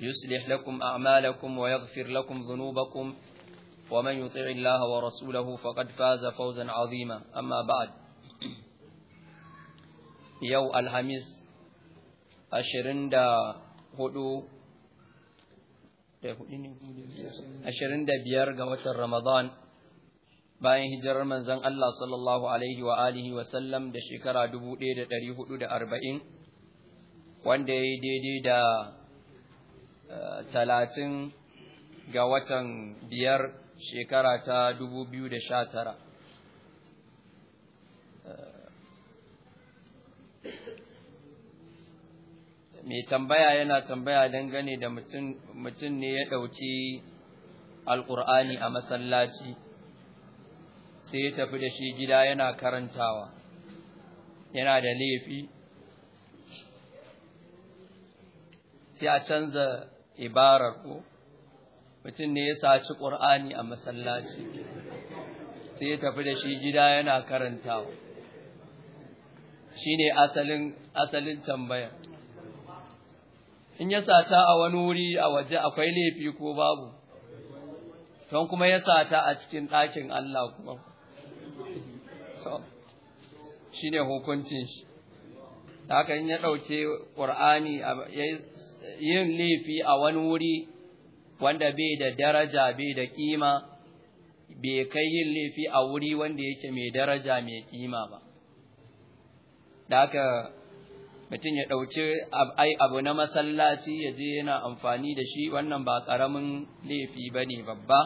يصلح لكم أعمالكم ويغفر لكم ذنوبكم ومن يطع الله ورسوله فقد فاز فوزا عظيما أما بعد يو الحميس أشرين دا هدو أشرين دا بيار رمضان bayan hijirar manzon Allah sallallahu alaihi wa alihi wa sallam da shekara 1440 wanda ya yi daidai da talatin ga watan biyar shekara ta dubu biyu da sha tara. Mai tambaya yana tambaya dangane da mutum ne ya ɗauki alƙur'ani a masallaci sai ya tafi da shi gida yana karantawa, yana da laifi. sai a canza ibarar mutum ne ya saci ƙur'ani a masallaci sai ya tafi da shi gida yana karantawa shi ne asalin tambayar. in ya sata a wani wuri a waje akwai laifi ko babu don kuma ya sata a cikin ɗakin Allah kuma shi ne hukuncin shi haka in ya ɗauke ƙur'ani ya yin laifi a wani wuri wanda bai da daraja bai da kima bai kai yin laifi a wuri wanda yake mai daraja mai ƙima ba da haka mutum ya ɗauki abu na masallaci ya je yana amfani da shi wannan ba ƙaramin laifi ba ne babba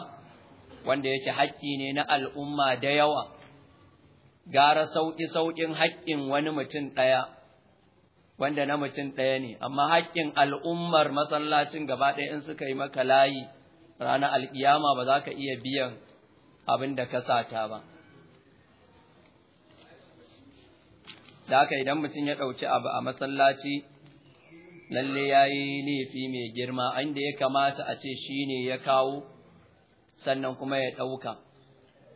wanda yake haƙƙi ne na al'umma da yawa gara sauƙi-sauƙin haƙƙin wani mutum ɗaya wanda na mutum ɗaya ne amma haƙƙin al'ummar masallacin gaba ɗaya in suka yi maka layi ranar alƙiyama ba za ka iya biyan abin da ka sata ba da haka idan mutum ya ɗauki abu a masallaci lalle ya yi laifi mai girma inda ya kamata a ce shi ne ya kawo sannan kuma ya ɗauka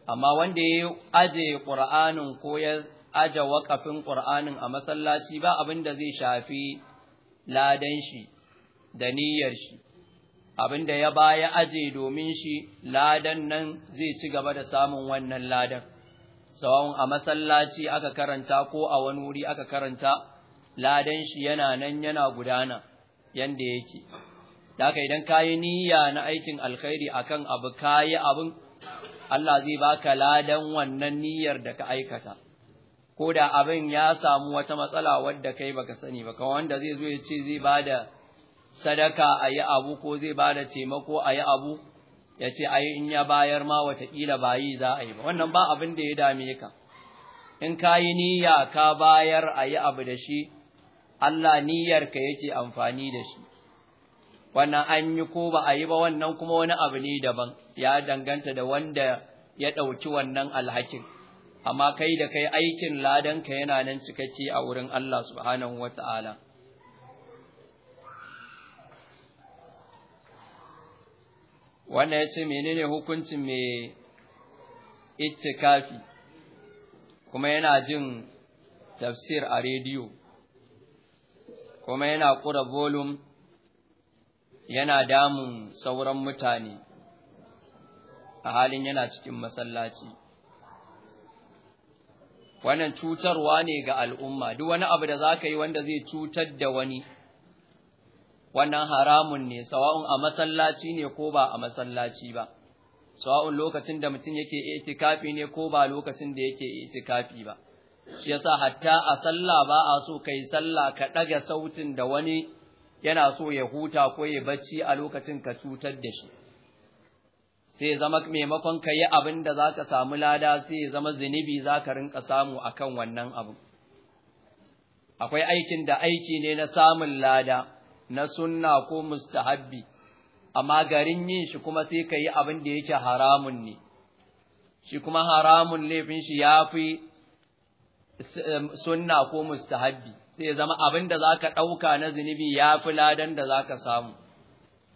amma wanda ya aje ƙura'anin ko ya aja waƙafin ƙur'anin a masallaci ba abin da zai shafi ladan shi da niyyar shi abin da ya baya aje domin shi ladan nan zai ci gaba da samun wannan ladan sawan a masallaci aka karanta ko a wani wuri aka karanta ladan shi yana nan yana gudana yanda yake daga idan kayi niyya na aikin alkhairi akan abu kayi abin Allah zai baka ladan wannan niyyar da ka aikata ko da abin ya samu wata matsala wadda kai baka sani ba kawai wanda zai zo ya ce zai bada sadaka a yi abu ko zai bada taimako a yi abu ya ce ai in ya bayar ma watakila ba yi za a yi ba wannan ba abin da ya dame ka in ka yi niyya ka bayar a yi abu da shi Allah niyyarka yake amfani da shi wannan an yi ko ba a yi ba wannan kuma wani abu ne daban ya danganta da wanda ya ɗauki wannan alhakin amma kai da kai aikin ladanka yana nan cikakke a wurin Allah subhanahu wata'ala wannan ya ce menene hukuncin mai itikafi kuma yana jin tafsir a rediyo kuma yana ƙura volum yana damun sauran mutane a halin yana cikin masallaci wannan cutarwa ne ga al'umma duk wani abu da zaka yi wanda zai cutar da wani wannan haramun ne sawa'un a masallaci ne ko ba a masallaci ba sawa'un lokacin da mutum yake itikafi ne ko ba lokacin da yake itikafi ba shi yasa hatta a sallah ba a so kai sallah ka ɗaga sautin da wani yana so ya huta ko ya bacci a lokacin ka cutar da shi sai zama maimakon ka yi abin da za ka samu lada sai zama zunubi za ka rinka samu a kan wannan abin. Akwai aikin da aiki ne na samun lada, na sunna ko mustahabbi, amma garin yin shi kuma sai ka yi abin da yake haramun ne, shi kuma haramun laifin shi ya fi um, sunna ko mustahabbi, sai zama abin da za ka ɗauka na zunubi ya fi ladan da za ka samu.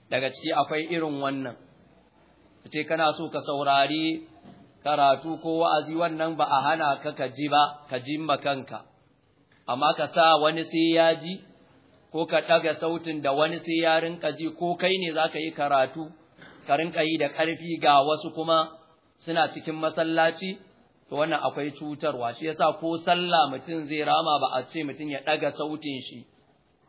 Daga ciki akwai irin wannan. ce kana so ka saurari karatu ko wa'azi wannan ba a hana ka ka ji ba ka ji kanka amma ka sa wani sai ya ji ko ka ɗaga sautin da wani sai ya rinka ji ko kai ne za ka yi karatu ka rinka yi da karfi ga wasu kuma suna cikin masallaci to wannan akwai cutarwa shi yasa ko sallah mutum zai rama ba a ce mutum ya ɗaga sautin shi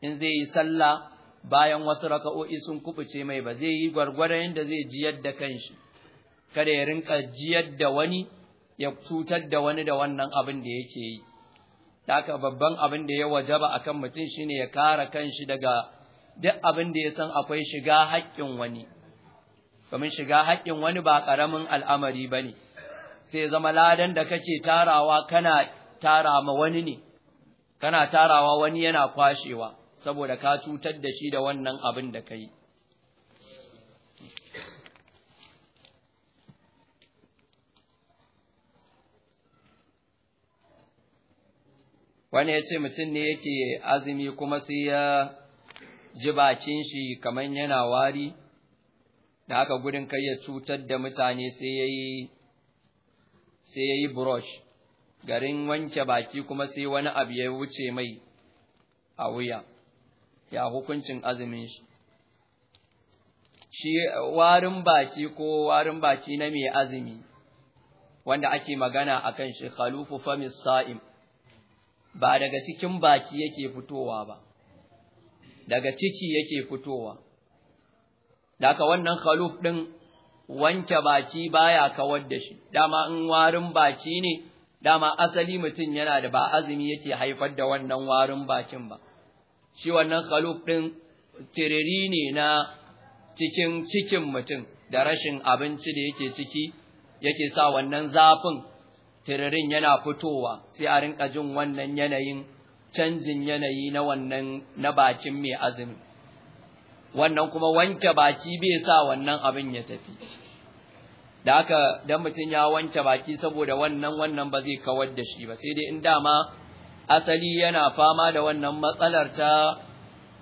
in zai yi sallah bayan wasu raka'o'i sun kubuce mai ba zai yi gwargwaron yadda zai jiyar da kanshi kada ya rinka jiyar da wani ya cutar da wani da wannan abin da yake yi aka babban abin da ya wajaba akan mutum shine ya kare kanshi daga duk abin da ya san akwai shiga haƙƙin wani domin shiga haƙƙin wani ba ƙaramin al'amari bane sai zama ladan da kake tarawa kana tara wani ne kana tarawa wani yana kwashewa saboda ka cutar da shi da wannan abin da ka wani ya ce mutum ne yake azumi kuma sai ya ji bakin shi kamar yana wari da haka gudun kai ya cutar da mutane sai ya yi sai ya yi brush garin wanke baki kuma sai wani abu ya wuce mai a wuya ya hukuncin azumin shi shi warin baki ko warin baki na mai azumi wanda ake magana a kan shi khalufu famis sa'im ba daga cikin baki yake fitowa ba daga ciki yake fitowa Daka wannan khaluf din wanke baki baya kawar da shi dama in warin baki ne dama asali mutum yana da ba azumi yake haifar da wannan warin bakin ba shi wannan khaluf ɗin tiriri ne na cikin cikin mutum da rashin abinci da yake ciki yake sa wannan zafin tiririn yana fitowa sai a rinka jin wannan yanayin canjin yanayi na wannan na bakin mai azumi wannan kuma wanke baki bai sa wannan abin ya tafi da aka dan mutum ya wanke baki saboda wannan wannan ba zai kawar da shi ba sai dai in dama asali yana fama da wannan matsalar ta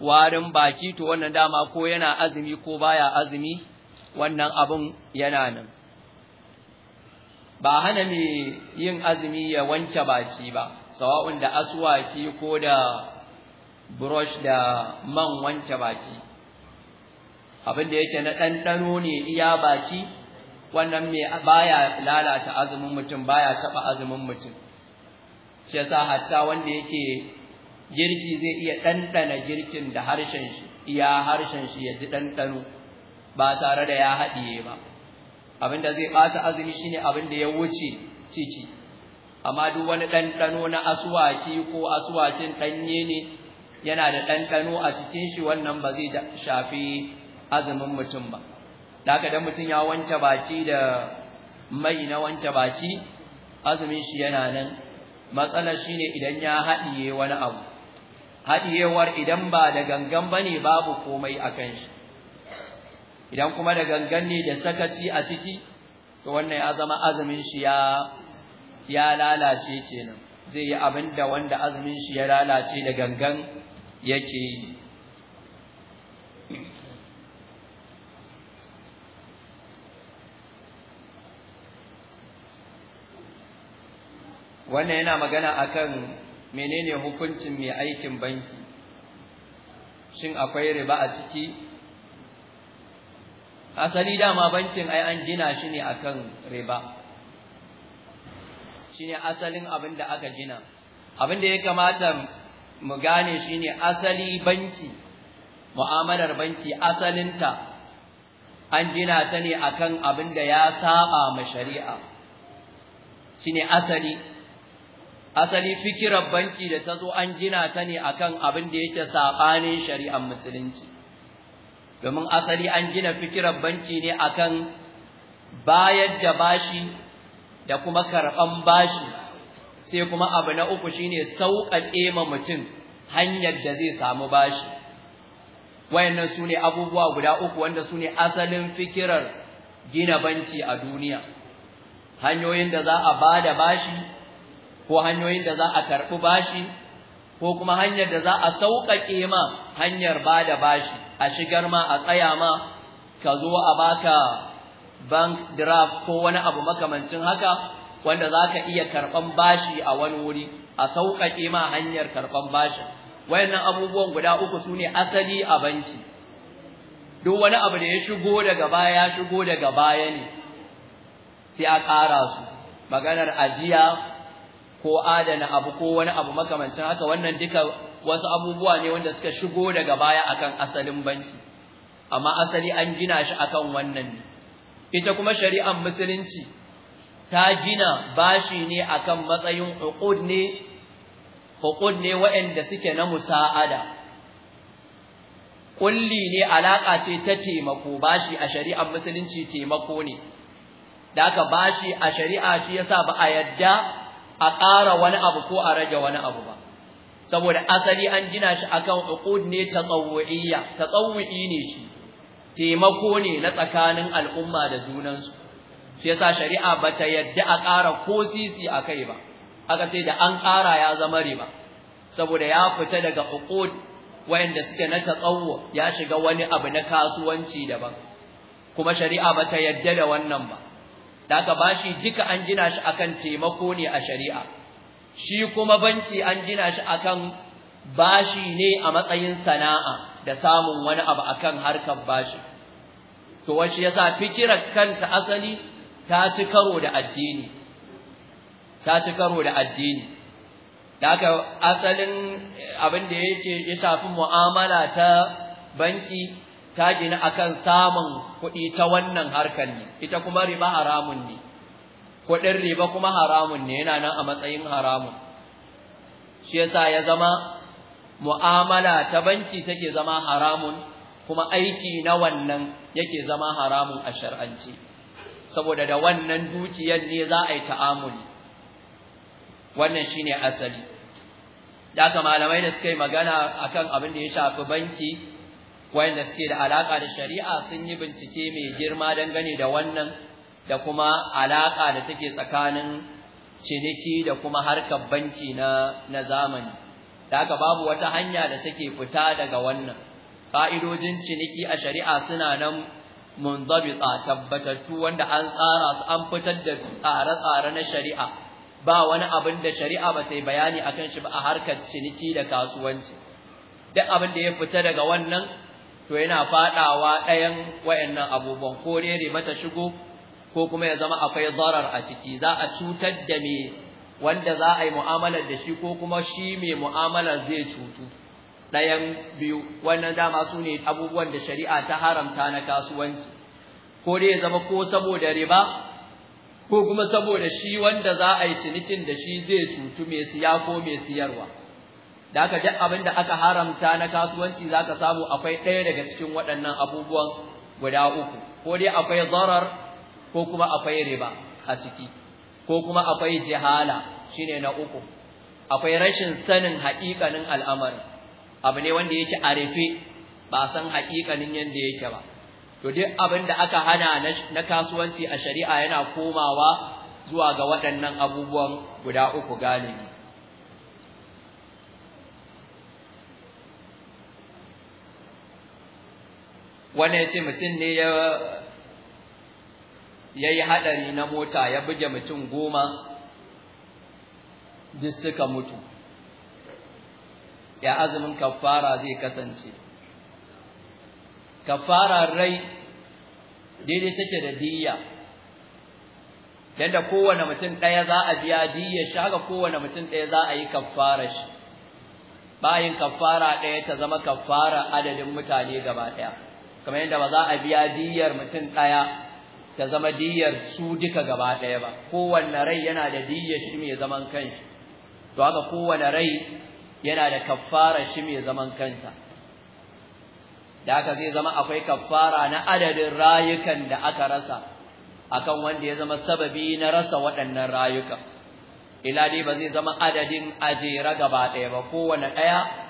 warin baki to wannan dama ko yana azumi ko baya azumi wannan abun yana nan ba hana mai yin azumi ya wanke baki ba sawa'un da aswaki ko da brush da man wanke baki abin da yake na ɗanɗano ne iya baki wannan mai baya lalata azumin mutum baya taɓa azumin mutum shi yasa hatta wanda yake girki zai iya ɗanɗana girkin da harshen shi iya harshen shi ya ji ɗanɗano ba tare da ya haɗiye ba abinda zai ɓata azumi shi shine abinda ya wuce ciki amma duk wani ɗanɗano na asuwaki ko asuwacin ɗanye ne yana da ɗanɗano a cikin shi wannan ba zai shafi azumin mutum ba da haka mutum ya wanke baki da mai na wanke baki azumin shi yana nan matsalar shine idan ya haɗiye wani abu haɗiyewar idan ba da gangan ba ne babu komai a kan shi idan kuma da gangan ne da sakaci a ciki to wannan ya zama azumin shi ya ya lalace kenan zai yi abinda wanda azumin shi ya lalace da gangan yake yi. wannan yana magana akan menene hukuncin mai aikin banki shin akwai riba a ciki asali dama bankin ai an gina shi ne akan riba shine asalin abin da aka gina abin da ya kamata mu gane shine asali banki mu'amalar banki asalinta an gina ta ne akan abin da ya saba ma shari'a shine asali asali fikirar banki da ta zo an gina ta ne akan abin da yake sabanin shari'ar musulunci domin asali an gina fikirar banki ne akan bayar da bashi da kuma karɓan bashi sai kuma abu na uku shine sauƙaƙe ma mutum hanyar da zai samu bashi wayannan sune abubuwa guda uku wanda sune asalin fikirar gina banki a duniya hanyoyin da za a ba da bashi ko hanyoyin da za a karɓi bashi ko kuma hanyar da za a sauƙaƙe ma hanyar ba da bashi a shigar ma a tsaya ma ka zo a baka bank draft ko wani abu makamancin haka wanda za ka iya karɓan bashi a wani wuri a sauƙaƙe ma hanyar karɓan bashi wayannan abubuwan guda uku sune asali a banki duk wani abu da ya shigo daga baya ya shigo daga baya ne sai a ƙara su maganar ajiya ko adana abu ko wani abu makamancin haka wannan duka wasu abubuwa ne wanda suka shigo daga baya akan asalin banki amma asali an gina shi akan wannan ne ita kuma shari'ar musulunci ta gina bashi ne akan matsayin uqud ne uqud ne waɗanda suke na musa'ada kulli ne alaka ce ta taimako bashi a shari'ar musulunci taimako ne da aka bashi a shari'a shi yasa ba a yadda a ƙara wani abu ko a rage wani abu ba saboda asali an gina shi akan uqud ne ta tsawwi ne shi taimako ne na tsakanin al'umma da junansu shi yasa shari'a bata yadda a ƙara ko sisi akai ba aka sai da an ƙara ya zama riba saboda ya fita daga uqud wayanda suke na tatawwu ya shiga wani abu na kasuwanci daban kuma shari'a bata yadda da wannan ba da bashi duka an gina shi akan taimako ne a shari'a shi kuma banci an gina shi akan bashi ne a matsayin sana'a da samun wani abu akan harkar bashi to wace yasa fikirar kanta asali ta ci karo da addini ta ci karo da addini daga asalin abin da yake ya shafi mu'amala ta banki ta gina akan samun kuɗi ta wannan harkar ne ita kuma riba haramun ne kuɗin riba kuma haramun ne yana nan a matsayin haramun shi yasa ya zama mu'amala ta banki take zama haramun kuma aiki na wannan yake zama haramun a shar'anci saboda da wannan dukiyar ne za a yi ta'amuli wannan shine asali da malamai da suka yi magana akan abin da ya shafi banki wayanda suke da alaka da shari'a sun yi bincike mai girma dangane da wannan da kuma alaka da take tsakanin ciniki da kuma harkar banki na na zamani da haka babu wata hanya da take fita daga wannan ƙa'idojin ciniki a shari'a suna nan munzabitsa, tabbatattu wanda an tsara su an fitar da tsare-tsare na shari'a ba wani abin da shari'a ba sai bayani akan shi ba a harkar ciniki da kasuwanci duk abin da ya fita daga wannan to yana fadawa ɗayan wayannan abubuwan ko rere mata shigo ko kuma ya zama akwai zarar a ciki za a cutar da me wanda za a yi mu'amalar da shi ko kuma shi mai mu'amalar zai cutu ɗayan biyu wannan dama su ne abubuwan da shari'a ta haramta na kasuwanci ko dai ya zama ko saboda riba ko kuma saboda shi wanda za a yi cinikin da shi zai cutu mai siya ko mai siyarwa da aka duk abin da aka haramta na kasuwanci za ka samu akwai ɗaya daga cikin waɗannan abubuwan guda uku ko dai akwai zarar ko kuma akwai riba a ciki ko kuma akwai jihala shine na uku akwai rashin sanin haƙiƙanin al'amarin abu ne wanda yake a rufe ba san haƙiƙanin yadda yake ba to duk abin da aka hana na kasuwanci a shari'a yana komawa zuwa ga waɗannan abubuwan guda uku galibi Wani ya ce mutum ne ya yi haɗari na mota ya buge mutum goma duk suka mutu ya azumin kafara zai kasance kafara rai daidai take da diyya yadda kowane mutum ɗaya za a biya diyya shi haka kowane mutum ɗaya za a yi kafara shi bayan kafara ɗaya ta zama kafara adadin mutane gaba ɗaya kamar yadda ba za a biya diyar mutum ɗaya ta zama diyar su duka gaba ɗaya ba kowane rai yana da diyar shi mai zaman kanshi to haka kowanne rai yana da kaffara shi mai zaman kansa da haka zai zama akwai kaffara na adadin rayukan da aka rasa akan wanda ya zama sababi na rasa waɗannan rayuka ila dai ba zai zama adadin ajera gaba ɗaya ba kowanne ɗaya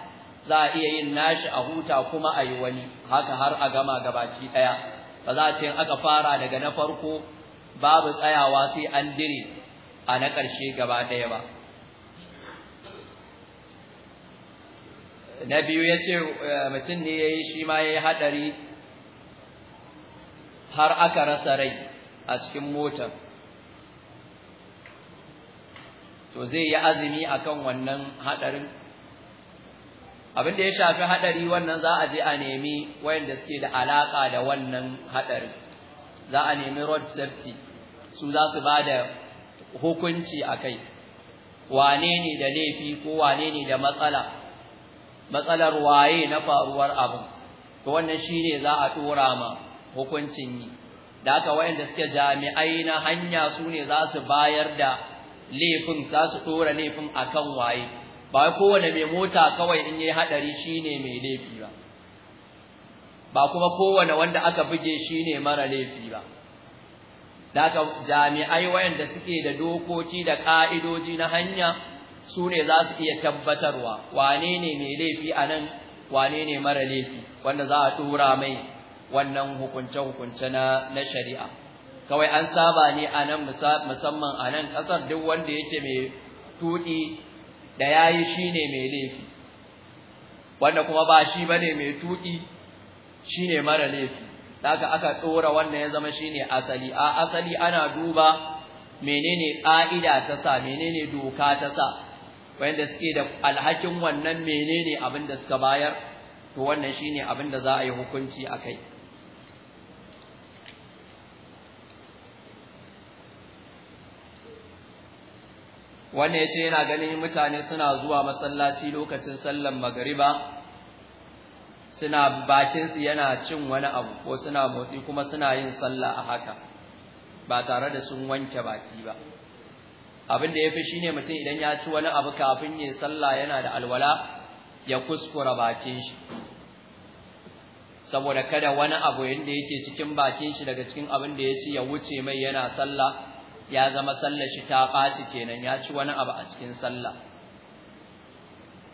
za a iya yin nashi a huta kuma a yi wani haka har a gama gabaki ɗaya ba za a ce aka fara daga na farko babu tsayawa sai an dire a na ƙarshe gaba ɗaya ba na biyu ya ce eh, mutum ne ya yi shi ma ya yi haɗari har aka rasa rai a cikin motar to zai yi azumi akan wannan haɗarin abin da ya shafi hadari wannan za a je a nemi wayanda suke da alaka da wannan haɗari. za a nemi road safety su za su ba da hukunci a kai wane ne da laifi ko wane ne da matsala matsalar waye na faruwar abin to wannan shine za a tura ma hukuncin yi da haka wayanda suke jami'ai na hanya sune ne za su bayar da laifin za su tura laifin akan waye ba kowane mai mota kawai in yayi hadari shine mai laifi ba ba kuma kowane wanda aka buge shine mara laifi ba daga jami'ai wayanda suke da dokoki da ka'idoji na hanya su ne za su iya tabbatarwa wane ne mai laifi a nan wane ne mara laifi wanda za a tura mai wannan hukunce-hukunce na, na shari'a kawai an saba ne a nan musamman a nan ƙasar duk wanda yake mai tuɗi da yayi shine mai laifi wanda kuma ba shi bane mai tuki shine mara laifi daga aka ɗora wannan ya zama shine asali a asali ana duba menene ka'ida ta sa menene doka ta sa wanda suke da alhakin wannan menene abin da suka bayar to wannan shine abin da za a yi hukunci akai wanda yace yana ganin mutane suna zuwa masallaci lokacin sallar magariba suna bakin su yana cin wani abu ko suna motsi kuma suna yin sallah a haka ba tare da sun wanke baki ba abin da yafi shine mutum idan ya ci wani abu kafin ya sallah yana da alwala ya kuskura bakin shi saboda kada wani abu yanda yake cikin bakin shi daga cikin abin da ya ci ya wuce mai yana sallah ya zama sallar shi ta ɓaci kenan ya ci wani abu a cikin sallah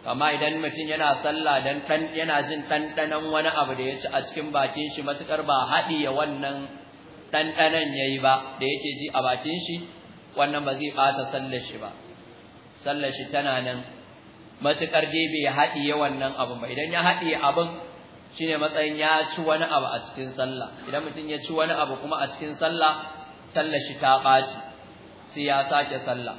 amma idan mutum yana sallah dan dan yana jin ɗanɗanon wani abu da ya ci a cikin bakin shi matukar ba haɗiye wannan ɗanɗanon ya yi ba da yake ji a bakin shi wannan ba zai ɓata sallar shi ba sallar shi tana nan matukar dai bai haɗiye wannan abun ba idan ya haɗiye abun shine matsayin ya ci wani abu a cikin sallah idan mutum ya ci wani abu kuma a cikin sallah sallar shi ta ɓaci sai ya sake sallah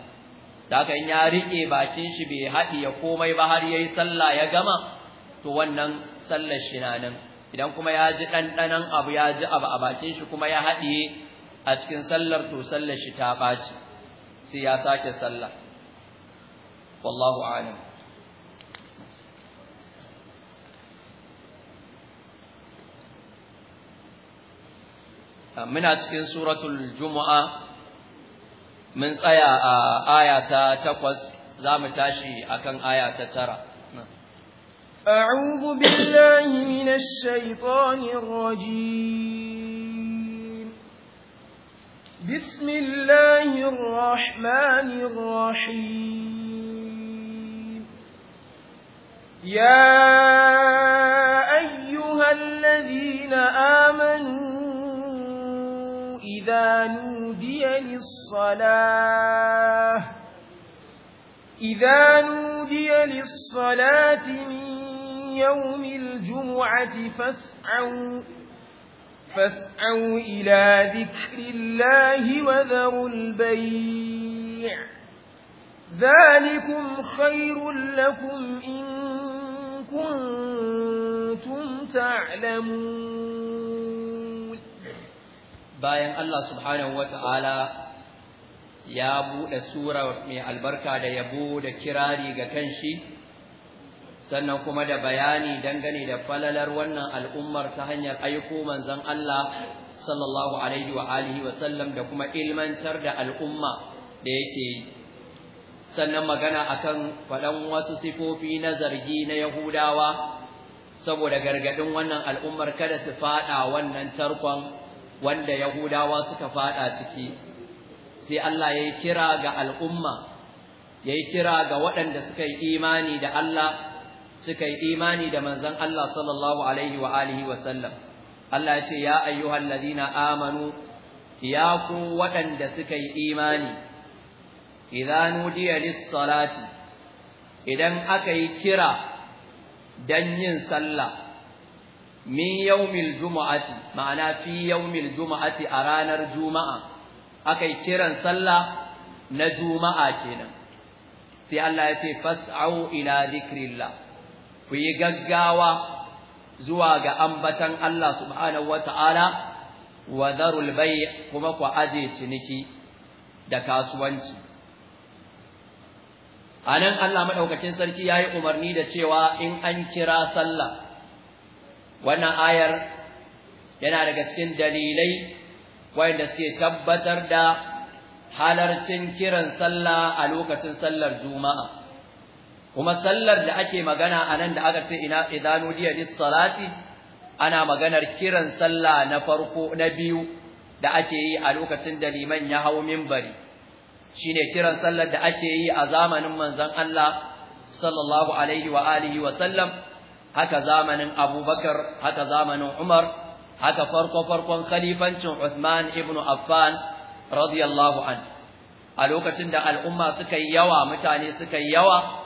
da haka in ya rike bakin shi bai haɗi ya komai ba har yayi sallah ya gama to wannan sallar shi na nan idan kuma ya ji ɗanɗanon abu ya ji abu a bakin shi kuma ya haɗiye a cikin sallar to sallar shi ta ɓaci sai ya sake sallah wallahu alam muna cikin suratul jumu'a من آية آية تقص زام تاشي أكن آية ترى أعوذ بالله من الشيطان الرجيم بسم الله الرحمن الرحيم يا الصلاة إذا نودي للصلاة من يوم الجمعة فاسعوا فاسعوا إلى ذكر الله وذروا البيع ذلكم خير لكم إن كنتم تعلمون bayan Allah subhanahu wa ta'ala ya buɗe sura mai albarka da yabo da kirari ga kanshi sannan kuma da bayani dangane da falalar wannan al'ummar ta hanyar aiko manzon Allah sallallahu alaihi wa alihi wa sallam da kuma ilmantar da al'umma da yake sannan magana akan faɗan wasu sifofi na zargi na Yahudawa saboda gargadin wannan al'ummar kada su faɗa wannan tarkon wanda Yahudawa suka faɗa ciki sai Allah ya yi kira ga al'umma ya yi kira ga waɗanda suka yi imani da Allah suka yi imani da manzon Allah sallallahu alaihi wa alihi Allah ya ce ya ayyuhal ladina amanu ya ku waɗanda suka yi imani idza nudiya salati idan aka yi kira don yin sallah min yawmil juma'ati ma'ana fi yawmil jumu'ati a ranar juma'a aka kiran sallah na juma'a kenan sai Allah ya ce fas'au ila zikrillah ku yi gaggawa zuwa ga ambatan Allah subhanahu wata'ala wa darul bay' kuma ku aje ciniki da kasuwanci anan Allah madaukakin sarki yayi umarni da cewa in an kira sallah wannan ayar yana daga cikin dalilai wanda suke tabbatar da halarcin kiran sallah a lokacin sallar juma'a kuma sallar da ake magana a nan da aka ce ina idanu diya salati ana maganar kiran sallah na farko na biyu da ake yi a lokacin da liman ya hau minbari shine kiran sallar da ake yi a zamanin manzon Allah sallallahu alaihi wa alihi wa sallam haka zamanin Abubakar haka zamanin Umar haka farko farkon khalifancin Uthman ibn Affan radiyallahu an a lokacin da al'umma suka yi yawa mutane suka yi yawa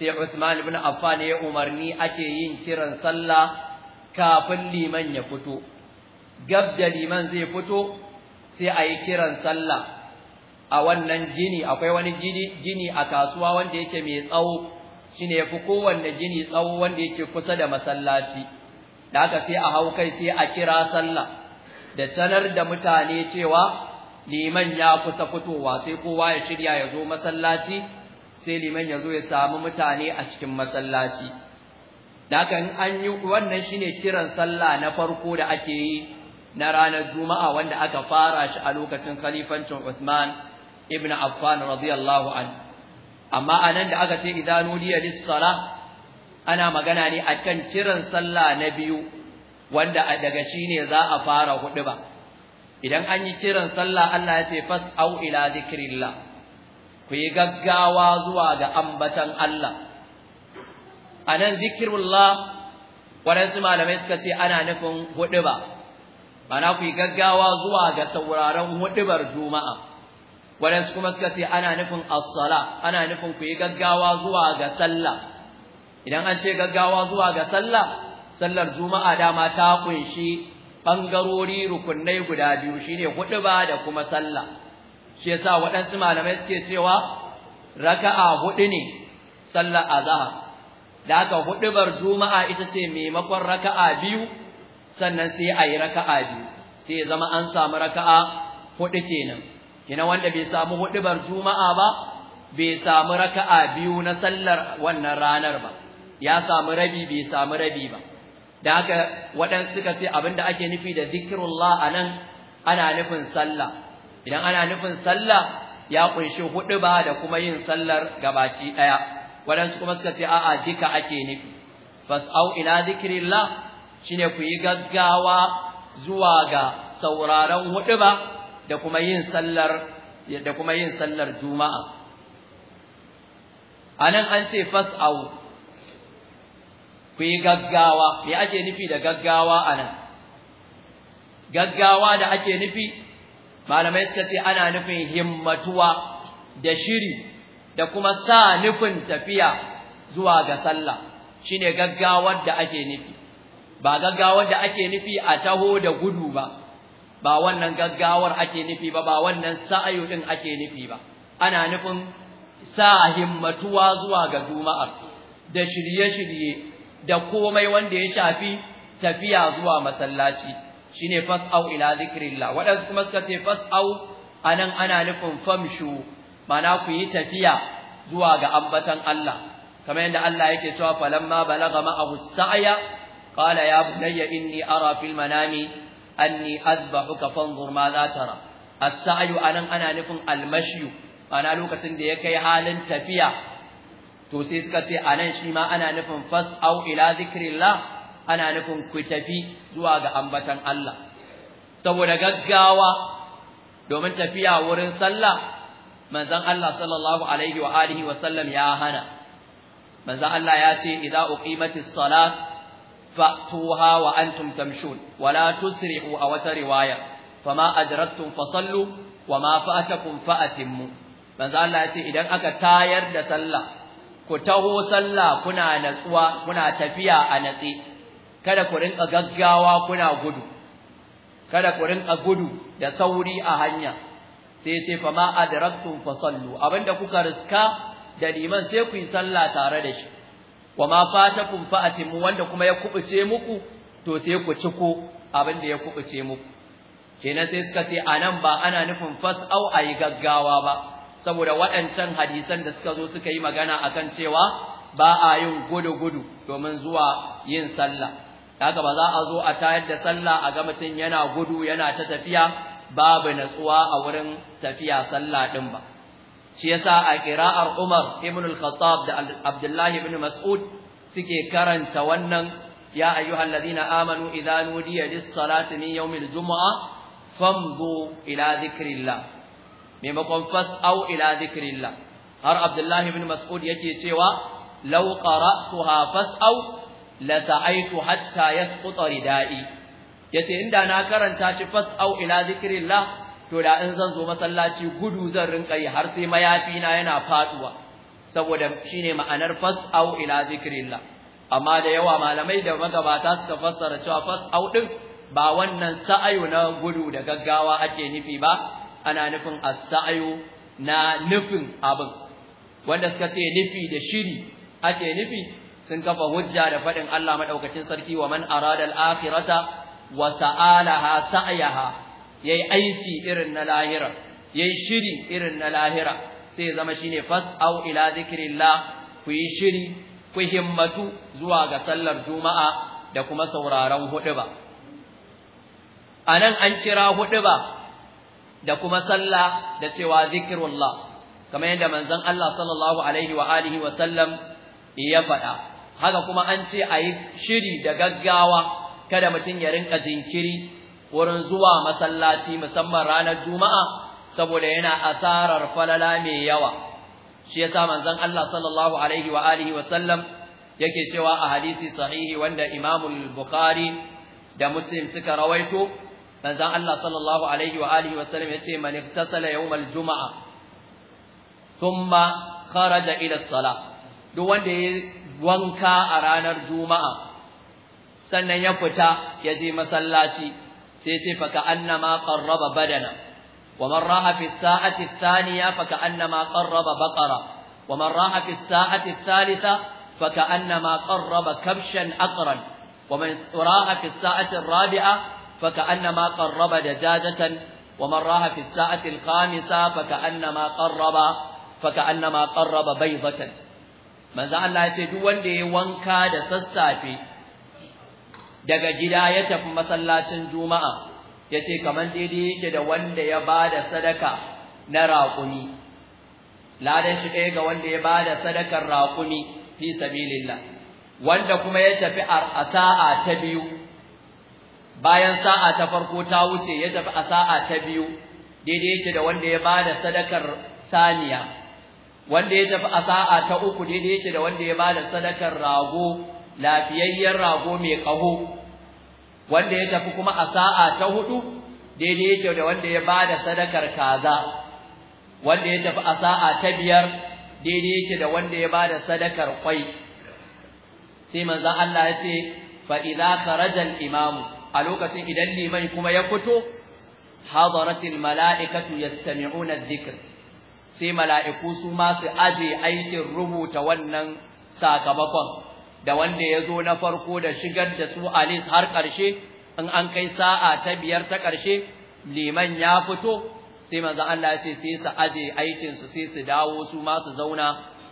sai Uthman ibn Affan ya umarni ake yin kiran sallah kafin liman ya fito gab da liman zai fito sai a yi kiran sallah a wannan gini akwai wani gini gini a kasuwa wanda yake mai tsawo shine yafi kowanne gini tsawo wanda yake kusa da masallaci da sai a hau kai sai a kira sallah da sanar da mutane cewa liman ya kusa fitowa sai kowa ya shirya ya zo masallaci sai liman ya zo ya samu mutane a cikin masallaci da an yi wannan shine kiran sallah na farko da ake yi na ranar juma'a wanda aka fara shi a lokacin khalifancin Usman ibn Affan radiyallahu anhu amma anan da aka ce idan lis-salah ana magana ne akan kiran sallah na biyu wanda daga shi ne za a fara hudu ba idan an yi kiran sallah Allah ya ce au ila zikrillah ku yi gaggawa zuwa ga ambatan Allah anan zikrullah waɗansu malamai suka ce ana nufin hudu ba ana ku yi gaggawa zuwa ga sauraron huɗubar juma'a waɗansu kuma suka ce ana nufin as-sala ana nufin ku yi gaggawa zuwa ga sallah idan an ce gaggawa zuwa ga sallah sallar juma'a dama ta kunshi bangarori rukunnai guda biyu shine huɗuba da kuma sallah shi yasa waɗansu malamai suke cewa raka'a hudu ne sallar azhar da aka hudubar juma'a ita ce maimakon raka'a biyu sannan sai ayi yi raka'a biyu sai zama an samu raka'a hudu kenan kina wanda bai samu hudubar juma'a ba bai samu raka'a biyu na sallar wannan ranar ba ya samu rabi bai samu rabi ba da haka waɗansu suka ce abinda ake nufi da zikrullah anan ana nufin sallah idan ana nufin sallah ya kunshi hudu ba da kuma yin sallar gabaci daya waɗansu kuma suka ce a'a duka ake nufi fas'au ila zikrillah shine ku yi gaggawa zuwa ga sauraron hudu ba da kuma yin sallar da kuma yin sallar juma'a anan an ce fas'au ku yi gaggawa me ake nufi da gaggawa nan? gaggawa da ake nufi malamai suka ce ana nufin himmatuwa da shiri da kuma sa nufin tafiya zuwa ga sallah shine gaggawar da ake nufi ba gaggawar da ake nufi a taho da gudu ba ba wannan gaggawar ake nufi ba ba wannan sa'ayu din ake nufi ba ana nufin sa himmatuwa zuwa ga juma'ar da shirye-shirye da komai wanda ya shafi tafiya zuwa masallaci shine fas'au ila zikrillah Waɗansu kuma suka ce fas'au anan ana nufin famshu mana ku yi tafiya zuwa ga ambatan Allah kamar yadda Allah yake cewa falamma balaga ma'ahu sa'aya, qala ya bunayya inni ara fil manami anni azbahuka fanzur ma za tara as-sa'yu anan ana nufin al-mashyu ana lokacin da ya kai halin tafiya to sai suka ce anan shi ma ana nufin fas'au ila zikrillah ana nufin ku tafi zuwa ga ambatan Allah saboda gaggawa domin tafiya wurin sallah manzon Allah sallallahu alaihi wa alihi wa sallam ya hana manzon Allah ya ce idza uqimatis salat fa'tuha wa antum tamshun wa la tusri'u aw riwaya fama adraktum fasallu wa ma fa'atakum fa'atimmu manzon Allah ya ce idan aka tayar da sallah ku taho sallah kuna natsuwa kuna tafiya a natse kada ku rinka gaggawa kuna gudu kada ku rinka gudu da sauri a hanya sai sai fa ma adraktum fa sallu abinda kuka riska da liman sai ku yi sallah tare da shi wa ma fatakum fa atimu wanda kuma ya kubuce muku to sai ku ci ciko abinda ya kubuce muku kenan sai suka ce anan ba ana nufin fas au ayi gaggawa ba saboda waɗancan hadisan da suka zo suka yi magana a kan cewa ba a yin gudu-gudu domin zuwa yin sallah haka ba za a zo a tayar da sallah a ga mutum yana gudu yana ta tafiya babu natsuwa a wurin tafiya sallah ɗin ba shi yasa a ƙira'ar Umar ibn al-Khattab da Abdullahi ibn Mas'ud suke karanta wannan ya ayyuhal ladina amanu idza nudiya lis-salati min yawmil jumu'a famdu ila dhikrillah maimakon fas'au ila zikrillah har abdullahi ibn mas'ud yake cewa law qara'tuha fas'au la ta'aytu hatta ya ridai yace inda na karanta shi fas'au ila zikrillah to da in zan zo masallaci gudu zan rinka yi har sai mayafi na yana faduwa saboda shine ma'anar fas'au ila zikrillah amma da yawa malamai da magabata suka fassara cewa fas-au din ba wannan sa'ayu na gudu da gaggawa ake nufi ba ana nufin as na nufin abin wanda suka ce nufi da shiri ake nufi sun kafa hujja da faɗin Allah madaukakin sarki wa man arada al-akhirata wa sa'alaha sa'yaha yayi aiki irin na lahira yayi shiri irin na lahira sai zama shine au ila zikrillah ku yi shiri ku himmatu zuwa ga sallar juma'a da kuma sauraron huɗuba anan an kira huɗuba da kuma sallah da cewa zikirullah. kamar yadda manzon Allah sallallahu alaihi wa alihi wa sallam ya faɗa haka kuma an ce a yi shiri da gaggawa kada mutum ya rinka jinkiri wurin zuwa masallaci musamman ranar juma'a saboda yana asarar falala mai yawa shi yasa manzon Allah sallallahu alaihi wa alihi wa sallam yake cewa a hadisi sahihi wanda Imam Bukhari da Muslim suka rawaito manzon Allah sallallahu alaihi wa alihi wa sallam yace man iktasala yawmal juma'a thumma kharaja ila as-salah duk wanda ya wanka a ranar juma'a sannan ya fita ya je masallaci sai ce fa ka'annama qarraba badana wa man raha fi as-sa'ati ath-thaniya fa ka'annama qarraba baqara wa man raha fi as-sa'ati ath-thalitha fa ka'annama qarraba kabshan aqran ومن راى في الساعه Rabi'a. فكأنما قرب دجاجة ومن راها في الساعة الخامسة فكأنما قرب فكأنما قرب بيضة manzo Allah ya ce duk wanda ya wanka da sassafe daga gida ya tafi masallacin juma'a Ya yace kaman daidai yake da wanda ya ba da sadaka na raƙumi ladan shi ɗaya ga wanda ya ba da sadakar raƙumi fi sabilillah wanda kuma ya tafi a sa'a ta biyu bayan sa'a ta farko ta wuce ya tafi a sa'a ta biyu daidai yake da wanda ya bada sadakar saniya wanda ya tafi a sa'a ta uku daidai yake da wanda ya bada sadakar rago lafiyayyen rago mai kaho wanda ya tafi kuma a sa'a ta hudu daidai yake da wanda ya bada sadakar kaza wanda ya tafi a sa'a ta biyar daidai yake da wanda ya bada sadakar kwai sai manzon Allah ya ce fa idza kharaja al-imamu a lokacin idan liman kuma ya fito hadaratil mala'ikatu yastami'una adh-dhikr sai mala'iku su ma su aje aikin rubuta wannan sakamakon da wanda yazo na farko da shigar da su alis har ƙarshe in an kai sa'a ta biyar ta ƙarshe liman ya fito sai manzo Allah ya ce sai su aje aikin su sai su dawo su ma su zauna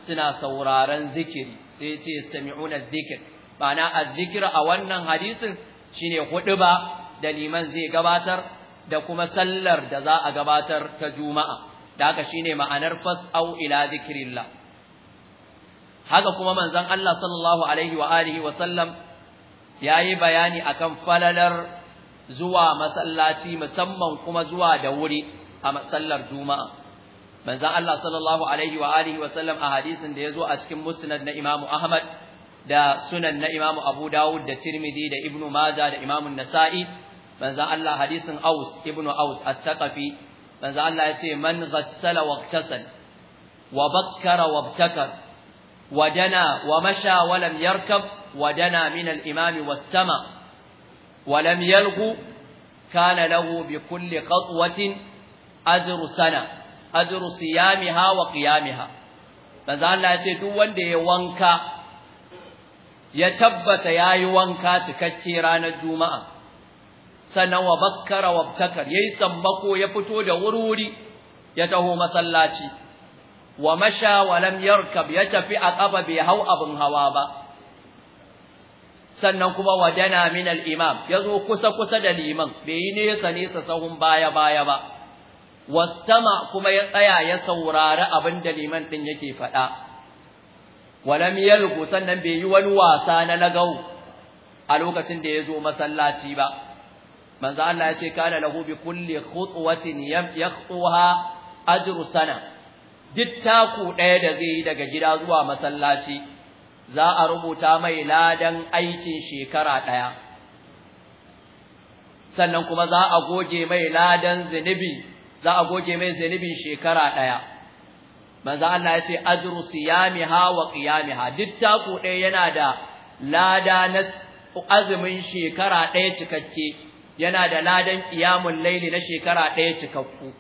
suna sauraron zikiri sai ce yastami'una adh-dhikr bana adh a wannan hadisin shine huɗuba da liman zai gabatar da kuma sallar da za a gabatar ta juma'a da shine ma'anar fas'au ila zikrillah haka kuma manzon Allah sallallahu alaihi wa alihi wa sallam yayi bayani akan falalar zuwa masallaci musamman kuma zuwa da wuri a masallar juma'a manzon Allah sallallahu alaihi wa alihi wa sallam a hadisin da yazo a cikin musnad na Imam Ahmad da sunan na Imam Abu Dawud da Tirmidhi da Ibnu maza da Imam Nasa'i manzo Allah hadisin Aus Ibnu Aus at-Taqafi manzo Allah yace man ghassala wa iktasal wa bakkara wa ibtakar wa dana wa masha wa lam yarkab wa dana min al-imam was-sama wa lam yalghu kana lahu bi kulli qatwatin ajru sana ajru siyamiha wa qiyamiha manzo Allah yace duk wanda ya wanka ya tabbata yayi wanka cikakke ranar juma'a sannan wa bakkara wa ya yayi tambako ya fito da wurwuri ya taho masallaci wa masha wa lam yarkab ya tafi a ƙafa bai hau abin hawa ba sannan kuma wa min minal imam zo kusa kusa da liman bai yi nesa nesa sahun baya baya ba sama kuma ya tsaya ya saurari abin da liman din yake faɗa walam yalqu sannan bai yi wani wasa na nagau a lokacin da ya zo masallaci ba manzo Allah ya ce kana lahu bi kulli khutwatin yaqtuha ajru sana duk taku ɗaya da zai yi daga gida zuwa masallaci za a rubuta mai ladan aikin shekara ɗaya sannan kuma za a goge mai ladan za a goge mai shekara ɗaya manzo Allah ya ce ajru siyamiha wa qiyamiha duk taku ɗaya yana da lada na azumin shekara ɗaya cikakke yana da ladan qiyamul laili na shekara ɗaya cikakku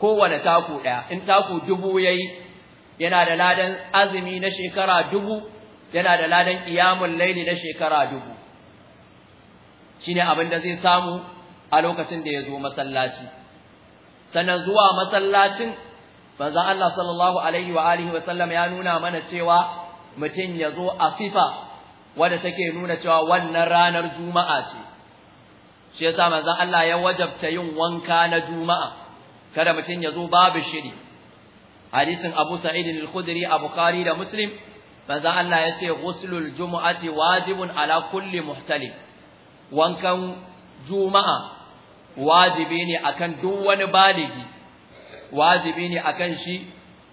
kowane taku ɗaya in taku dubu yayi yana da ladan azumi na shekara dubu yana da ladan qiyamul laili na shekara dubu shine abin da zai samu a lokacin da ya zo masallaci sannan zuwa masallacin manzon Allah sallallahu alaihi wa alihi wa sallam ya nuna mana cewa mutum ya zo a sifa wadda take nuna cewa wannan ranar juma'a ce shi yasa manzon Allah ya wajabta yin wanka na juma'a kada mutum ya zo babu shiri hadisin Abu Sa'id al-Khudri a Bukhari da Muslim manzon Allah ya ce ghuslul jumu'ati wajibun ala kulli muhtalim wankan juma'a wajibi ne akan duk wani baligi wajibi ne akan shi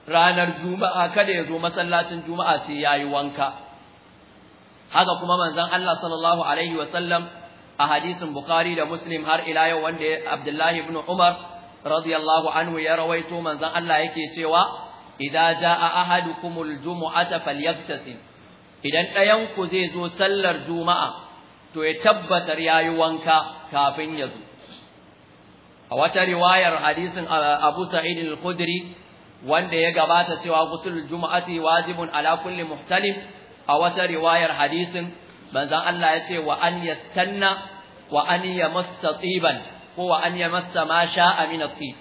ranar juma'a kada ya zo masallacin juma'a sai yayi wanka haka kuma manzon Allah sallallahu alaihi wasallam a hadisin bukhari da muslim har ila yau wanda abdullahi ibn umar radiyallahu anhu ya rawaito manzon Allah yake cewa idza jaa ahadukumul jumu'ata falyaghtasil idan ɗayan ku zai zo sallar juma'a to ya tabbatar yayi wanka kafin ya zo a wata riwayar hadisin uh, Abu Sa'id al-Khudri wanda ya gabata cewa gusul juma'ati wajibun ala kulli muhtalim a wata riwayar hadisin manzon Allah ya ce wa an yastanna wa an yamassa tsiban ko wa an yamassa ma sha'a min at-tib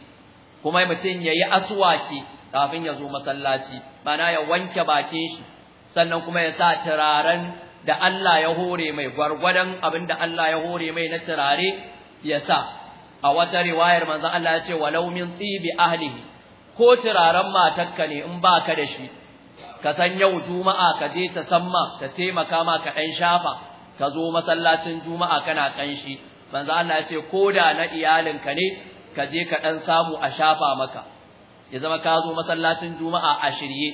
kuma mutum yayi aswaki kafin ya zo masallaci bana ya wanke bakin shi sannan kuma ya sa turaren da Allah ya hore mai gwargwadon abin da Allah ya hore mai na turare ya sa a wata riwayar manzo Allah ya ce walau min tibi ahlihi ko turaren matakka ne in ba ka da shi ka san yau juma'a ka je ta samma ta taimaka ma ka ɗan shafa ka zo masallacin juma'a kana kanshi manzo Allah ya ce koda na iyalinka ne ka je ka dan samu a shafa maka ya zama ka zo masallacin juma'a a shirye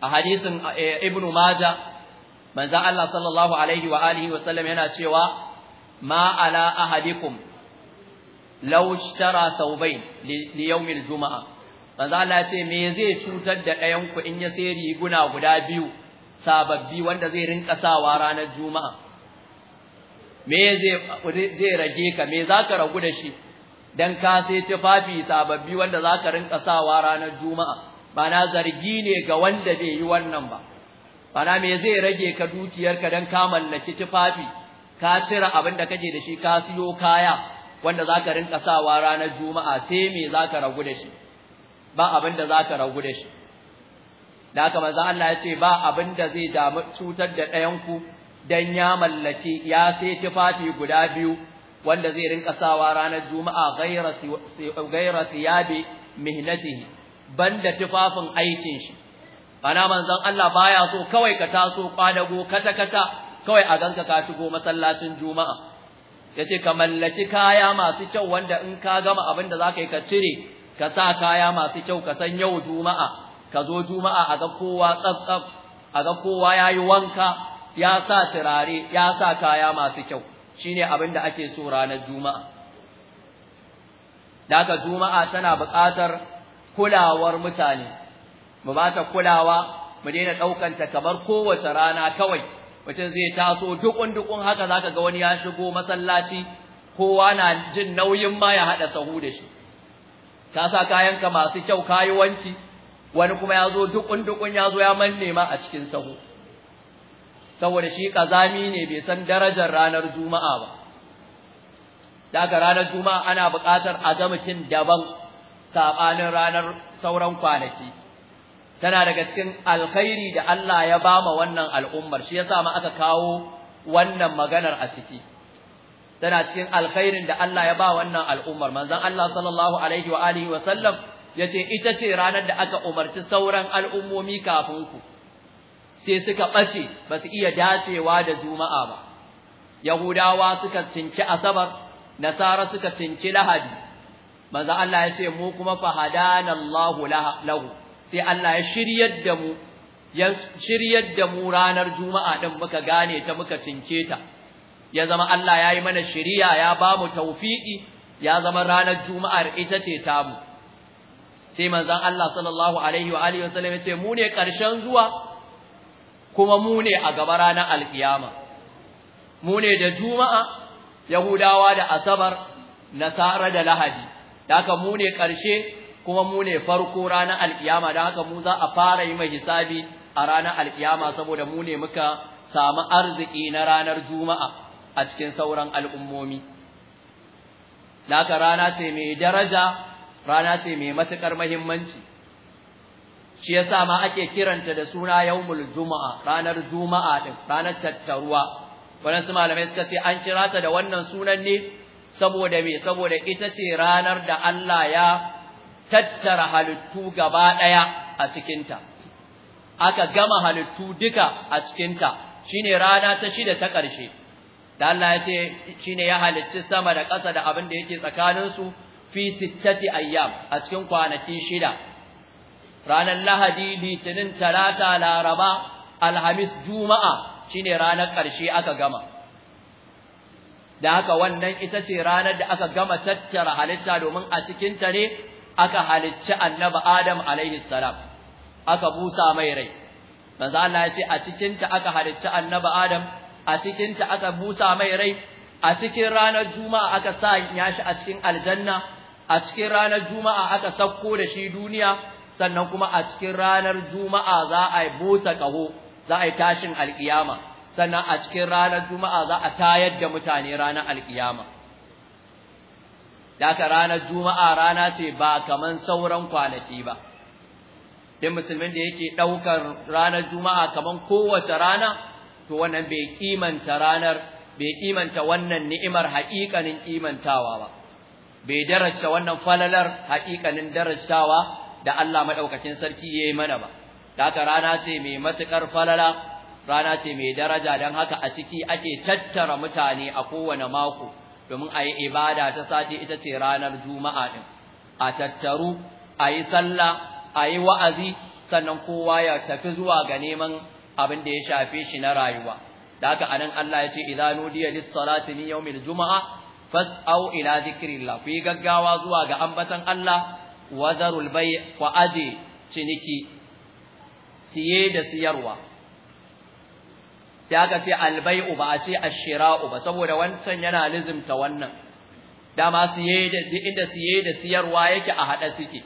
a hadisin eh, ibnu maja manzo Allah sallallahu alaihi wa alihi wa sallam yana cewa ma ala ahadikum law ishtara thawbayn li yawmil juma'a manzo Allah ya ce me zai cutar da ɗayan ku in ya sai riguna guda biyu sababbi wanda zai rinka sawa ranar juma'a me zai zai rage ka me zaka ragu da shi dan ka sai tufafi sababbi wanda zaka rinka sawa ranar juma'a ba na zargi ne ga wanda bai yi wannan ba bana me zai rage ka dukiyarka dan ka mallaki tufafi ka cire abin da kake da shi ka siyo kaya wanda zaka rinka sawa ranar juma'a sai me zaka ragu da shi ba abin da zaka ragu da shi da haka manzo Allah ya ce ba abin da zai damu cutar da ɗayan ku dan ya mallaki ya sai tufafi guda biyu wanda zai rinka sawa ranar juma'a ghayra ghayra thiyabi mihnatihi banda tufafin aikin shi ana manzon Allah baya so kawai ka taso kwadago kata kata kawai a ganka ka shigo masallacin juma'a yace ka mallaki kaya masu kyau wanda in ka gama abin da zaka yi ka cire ka sa kaya masu kyau ka san yau juma'a ka zo juma'a a ga kowa tsaf a ga kowa yayi wanka ya sa turare ya sa kaya masu kyau shine abin da ake so ranar juma'a Da ka juma'a tana buƙatar kulawar mutane mu ba ta kulawa mu daina ɗaukanta kamar kowace rana kawai mutum zai taso dukun dukun haka zaka ga wani ya shigo masallaci kowa na jin nauyin ma ya hada sahu da shi Ta sa kayanka masu kyau kayi wanki wani kuma ya zo dukun dukun ya zo ya manne ma a cikin sahu saboda shi ƙazami ne bai san darajar ranar juma'a ba daga ranar juma'a ana buƙatar cin daban saɓanin ranar sauran kwanaki tana daga cikin alkhairi da Allah ya bama wannan al'ummar shi yasa ma aka kawo wannan maganar a ciki tana cikin alkhairin da Allah ya ba wannan al'ummar manzon Allah sallallahu alaihi wa alihi wa sallam yace ita ce ranar da aka umarci sauran al'ummomi kafin ku sai suka bace ba su iya dacewa da juma'a ba yahudawa suka cinci asabar nasara suka cinci lahadi manzon Allah yace mu kuma fahadanallahu lahu sai Allah ya shiryar da mu ya shiryar da mu ranar juma'a din muka gane ta muka cinke ta ya zama Allah yayi mana shiriya ya ba mu ya zama ranar juma'ar ita ce ta mu sai manzon Allah sallallahu alaihi wa alihi wasallam ya ce mu ne karshen zuwa kuma mu ne a gaba ranar alkiyama mu ne da juma'a yahudawa da asabar nasara da lahadi haka mu ne karshe kuma mu ne farko ranar alkiyama don haka mu za a fara yi mai hisabi a ranar alkiyama saboda mu ne muka samu arziki na ranar juma'a a cikin sauran al'ummomi da haka rana ce mai daraja rana ce mai matuƙar mahimmanci shi yasa ma ake kiranta da suna yawmul juma'a ranar juma'a din ranar tattaruwa wannan su malamai suka ce an kira ta da wannan sunan ne saboda me saboda ita ce ranar da Allah ya tattara halittu gaba ɗaya a cikinta, aka gama halittu duka a cikinta, shi ne rana ta shida ta ƙarshe, da Allah ya ce shi ya halitti sama da ƙasa da abin da yake tsakaninsu fi sittati ayyam a cikin kwanaki shida. Ranar Lahadi, Litinin, Talata, Laraba, Alhamis, Juma'a shi ranar ƙarshe aka gama. Da haka wannan ita ce ranar da aka gama tattara halitta domin a cikinta ne aka halicci annabi Adam alaihi salam aka busa mai rai manzo Allah ya a cikin ta aka halicci annabi Adam a cikin ta aka busa mai rai a cikin ranar juma'a aka sa ya shi a cikin aljanna a cikin ranar juma'a aka sauko da shi duniya sannan kuma a cikin ranar juma'a za a yi busa kaho za a yi tashin alkiyama sannan a cikin ranar juma'a za a tayar da mutane ranar alkiyama Daka ranar Juma'a rana ce ba kaman sauran kwanaki ba. Din musulmin da yake ɗaukar ranar Juma'a kaman kowace rana, to wannan bai kimanta ranar, bai kimanta wannan ni'imar haƙiƙanin kimantawa ba. Bai darajta wannan falalar haƙiƙanin darajawa da Allah maɗaukacin sarki ya yi mana ba. aka rana ce mai matuƙar falala, rana ce mai daraja don haka a ciki ake tattara mutane a kowane mako. domin a yi ibada ta sati ita ce ranar juma'a ɗin a tattaru a yi sallah a yi wa'azi sannan kowa ya tafi zuwa ga neman abin da ya shafe shi na rayuwa da haka anan Allah ya ce iza nudiya lis salati min yawmil juma'a fas'au ila dhikrillah ku yi gaggawa zuwa ga ambatan Allah wa zarul ciniki siye da siyarwa sai aka ce albai'u ba a ce ashira'u ba saboda wancan yana lizimta wannan dama siye da inda siye da siyarwa yake a hada suke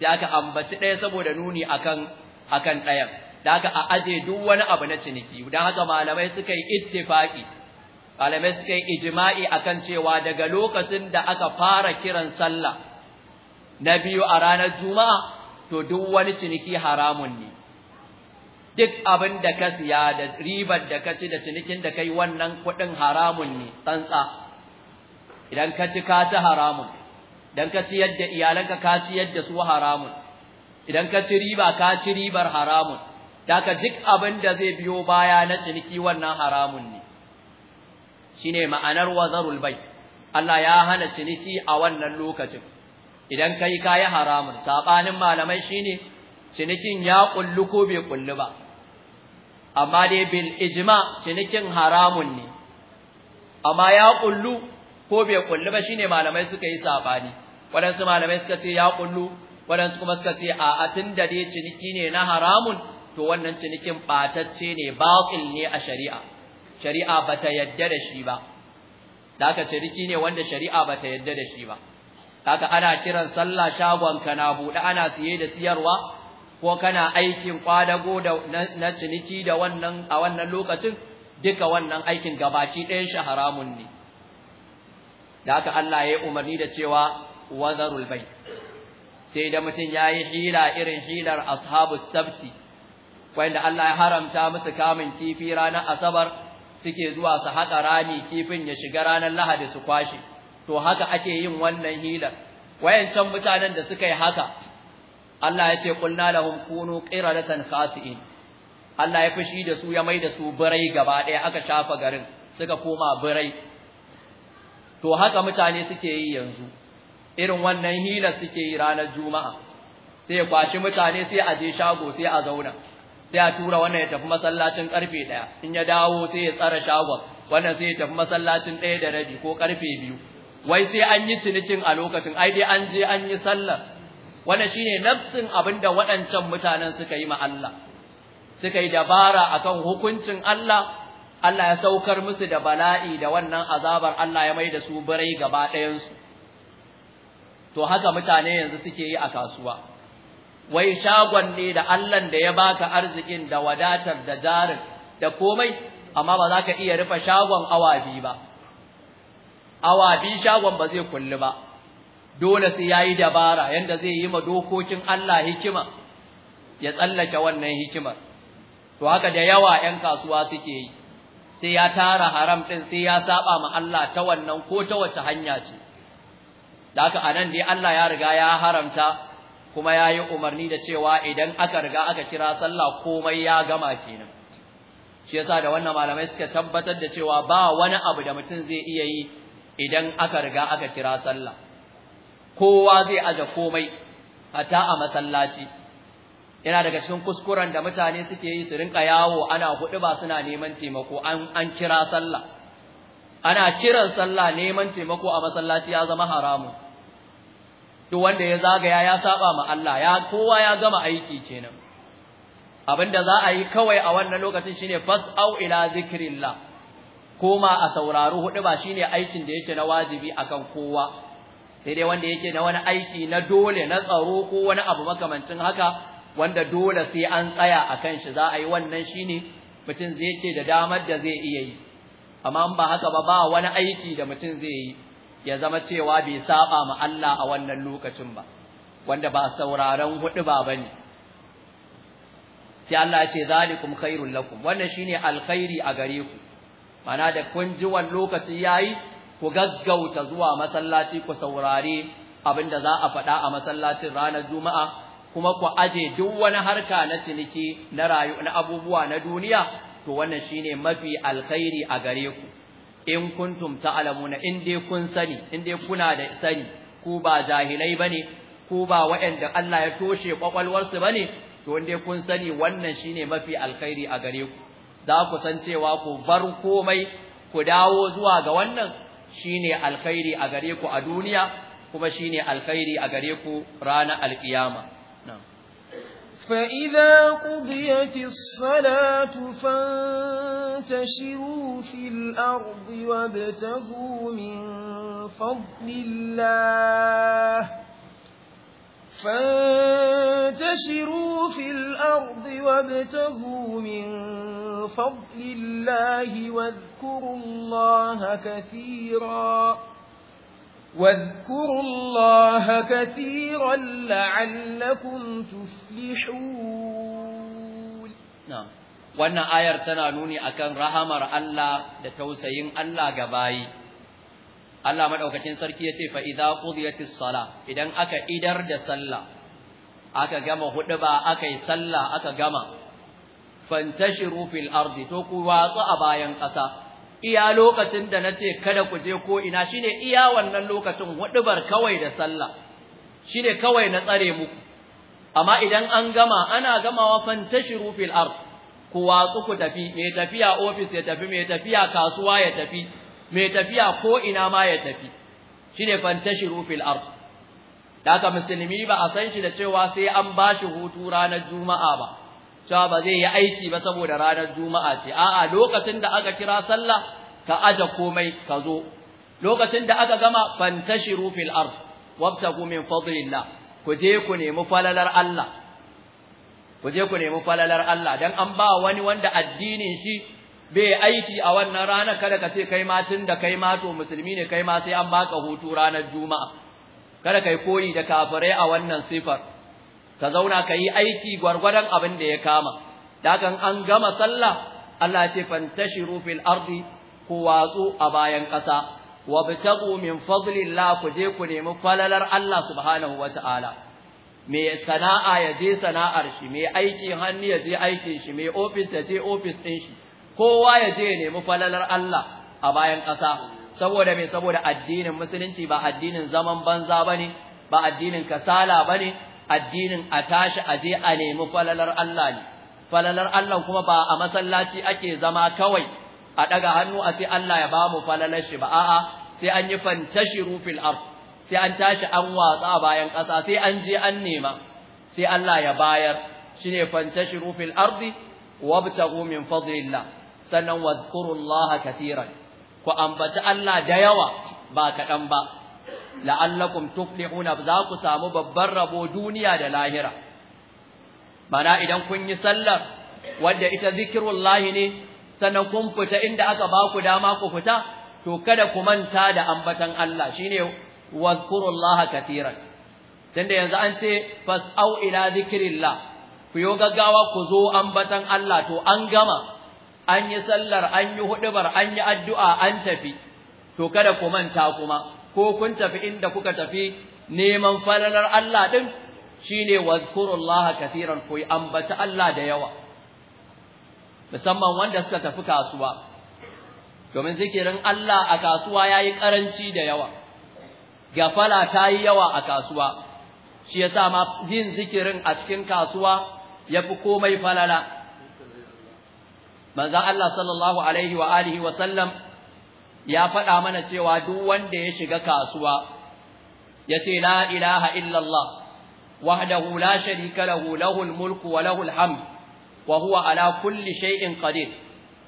sai aka ambaci ɗaya saboda nuni akan akan ɗayan da aka a aje duk wani abu na ciniki don haka malamai suka yi ittifaqi malamai suka yi ijma'i akan cewa daga lokacin da aka fara kiran sallah na biyu a ranar juma'a to duk wani ciniki haramun ne duk abin da ka siya da ribar da ka ci da cinikin da kai wannan kuɗin haramun ne tsantsa idan ka ci ka ci haramun idan ka ci yadda iyalanka ka ci yadda su haramun idan ka ci riba ka ci ribar haramun daga duk abin da zai biyo baya na ciniki wannan haramun ne shine ma'anar wazarul bai Allah ya hana ciniki a wannan lokacin idan kai kayi haramun sabanin malamai shine cinikin ya kullu ko bai kullu ba amma dai bil ijma cinikin haramun ne amma ya kullu ko bai kullu ba shine malamai suka yi sabani waɗansu malamai suka ce ya kullu waɗansu kuma suka ce a atin da dai ciniki ne na haramun to wannan cinikin batacce ne batil ne a shari'a shari'a bata yadda da shi ba daga ciniki ne wanda shari'a bata yadda da shi ba haka ana kiran sallah shagon kana buɗe ana siye da siyarwa ko kana aikin kwadago da na ciniki da wannan a wannan lokacin duka wannan aikin gabaki ɗayan shi haramun ne da haka Allah ya yi umarni da cewa wazarul bai sai da mutum ya yi hila irin hilar ashabu sabti wanda Allah ya haramta musu kamun kifi ranar asabar suke zuwa su haƙa rami kifin ya shiga ranar lahadi su kwashe to haka ake yin wannan hilar wayancan mutanen da suka yi haka Allah ya ce kulna lahum kunu qiradatan khasi'in Allah ya fushi da su ya mai da su birai gaba ɗaya aka shafa garin suka koma birai to haka mutane suke yi yanzu irin wannan hila suke yi ranar juma'a sai kwashi mutane sai a je shago sai a zauna sai a tura wannan ya tafi masallacin karfe ɗaya in ya dawo sai ya tsara shagon wannan sai ya tafi masallacin ɗaya da rabi ko karfe biyu wai sai an yi cinikin a lokacin ai dai an je an yi sallar wannan shine nafsin abinda waɗancan mutanen suka yi ma Allah suka yi dabara akan hukuncin Allah Allah ya saukar musu da bala'i da wannan azabar Allah ya mai da su birai gaba ɗayansu to haka mutane yanzu suke yi a kasuwa wai shagon ne da Allah da ya baka arzikin da wadatar da jarin da komai amma ba za ka iya rufe shagon awabi ba Awabi shagon ba zai kullu ba dole sai yayi dabara yanda zai yi ma dokokin Allah hikima ya tsallake wannan hikimar to haka da yawa ƴan kasuwa suke yi sai ya tara haram din sai ya saba ma Allah ta wannan ko ta wace hanya ce da anan dai Allah ya riga ya haramta kuma yayi umarni da cewa idan aka riga aka kira sallah komai ya gama kenan shi yasa da wannan malamai suka tabbatar da cewa ba wani abu da mutum zai iya yi idan aka riga aka kira sallah kowa zai aje komai hatta a masallaci yana daga cikin kuskuren da mutane suke yi su rinka yawo ana hudu ba suna neman taimako an an kira sallah ana kiran sallah neman taimako a masallaci ya zama haramun duk wanda ya zagaya ya saba ma Allah ya kowa ya gama aiki kenan abinda za a yi kawai a wannan lokacin shine au ila zikrillah koma a saurari hudu ba shine aikin da yake na wajibi akan kowa sai dai wanda yake na wani aiki na dole na tsaro ko wani abu makamancin haka wanda dole sai an tsaya a kan shi za a yi wannan shi ne mutum zai ce da damar da zai iya yi amma ba haka ba ba wani aiki da mutum zai yi ya zama cewa bai saba ma Allah a wannan lokacin ba wanda ba sauraron hudu ba bane sai Allah ya ce zalikum khairul lakum wannan shine alkhairi a gare ku mana da kun ji wannan lokaci yayi ku gaggauta zuwa masallaci ku saurari abin da za a faɗa a masallacin ranar juma'a kuma ku aje duk wani harka na ciniki na rayu na abubuwa na duniya to wannan shine mafi alkhairi a gare ku in kuntum ta'lamuna in dai kun sani in dai kuna da sani ku ba jahilai bane ku ba waɗanda Allah ya toshe kwakwalwarsu bane to in dai kun sani wannan shine mafi alkhairi a gare ku za ku san cewa ku bar komai ku dawo zuwa ga wannan shine alkhairi a gare ku a duniya kuma shine alkhairi a gare ku ranar alkiyama فإذا قضيت الصلاة فانتشروا في الأرض وابتغوا من فضل الله فانتشروا في الأرض وابتغوا من فضل الله واذكروا الله كثيرا واذكروا الله كثيرا لعلكم تفلحون نعم وانا ayar tana أكان رحمر الله لتوسين الله قبائي Allah madaukakin sarki yace fa idza qudiyatis sala idan aka idar da sallah aka gama huduba aka yi sallah aka gama fantashiru fil ardi to ku watsu a bayan kasa iya lokacin da nace kada ku je ko ina shine iya wannan lokacin hudubar kawai da sallah shine kawai na tsare muku amma idan an gama ana gamawa fantashiru fil ardi ku watsu ku tafi mai tafiya office ya tafi mai tafiya kasuwa ya tafi mai tafiya ko ina ma ya tafi shine fantashiru fil ard daga musulmi ba a san shi da cewa sai an bashi hutu ranar juma'a ba cewa ba zai yi aiki ba saboda ranar juma'a ce a'a lokacin da aka kira sallah ka aje komai ka zo lokacin da aka gama fantashiru fil ard wabtagu min fadlillah ku je ku nemi falalar Allah ku je ku nemi falalar Allah dan an ba wani wanda addinin shi Be aiki a wannan rana kada ka ce kai ma tun da kai ma to musulmi ne kai ma sai an baka hutu ranar juma'a kada kai koyi da kafirai a wannan sifar ka zauna ka yi aiki gwargwadon abin da ya kama dakan an gama sallah Allah ya ce fantashiru fil ardi ku watsu a bayan ƙasa wabtagu min fadlillah ku je ku nemi falalar Allah subhanahu wataala Me sana'a ya je sana'ar shi Me aiki hannu ya je aikin shi Me ofis ya je ofis ɗin shi kowa ya je ya nemi falalar Allah a bayan ƙasa saboda me saboda addinin musulunci ba addinin zaman banza bane ba addinin kasala bane addinin a tashi a je a nemi falalar Allah ne falalar Allah kuma ba a masallaci ake zama kawai a daga hannu a sai Allah ya bamu falalar shi ba a'a sai an yi fantashiru fil ard sai an tashi an watsa bayan ƙasa sai an je an nema sai Allah ya bayar shine fantashiru fil ardi wabtaghu min fadlillah sannan wadhkurullaha katiran ku ambaci Allah da yawa ba kaɗan ba la'allakum tuflihuna za ku samu babban rabo duniya da lahira mana idan kun yi sallar wadda ita zikirullahi ne sannan kun fita inda aka ba ku dama ku fita to kada ku manta da ambatan Allah shine wazkurullaha katiran tunda yanzu an ce fas'au ila zikrillah ku yo gaggawa ku zo ambatan Allah to an gama an yi sallar an yi hudubar an yi addu'a an tafi to kada ku manta kuma ko kun tafi inda kuka tafi neman falalar Allah din shine wazkurullaha katiran ku ambata Allah da yawa musamman wanda suka tafi kasuwa domin zikirin Allah a kasuwa yayi ƙaranci da yawa gafala ta yi yawa a kasuwa shi yasa ma yin zikirin a cikin kasuwa yafi komai falala manzon Allah sallallahu alaihi wa alihi wa sallam ya faɗa mana cewa duk wanda ya shiga kasuwa ya ce, la ilaha illallah wahdahu la sharika lahu lahul mulku wa lahul hamd wa huwa ala kulli shay'in qadir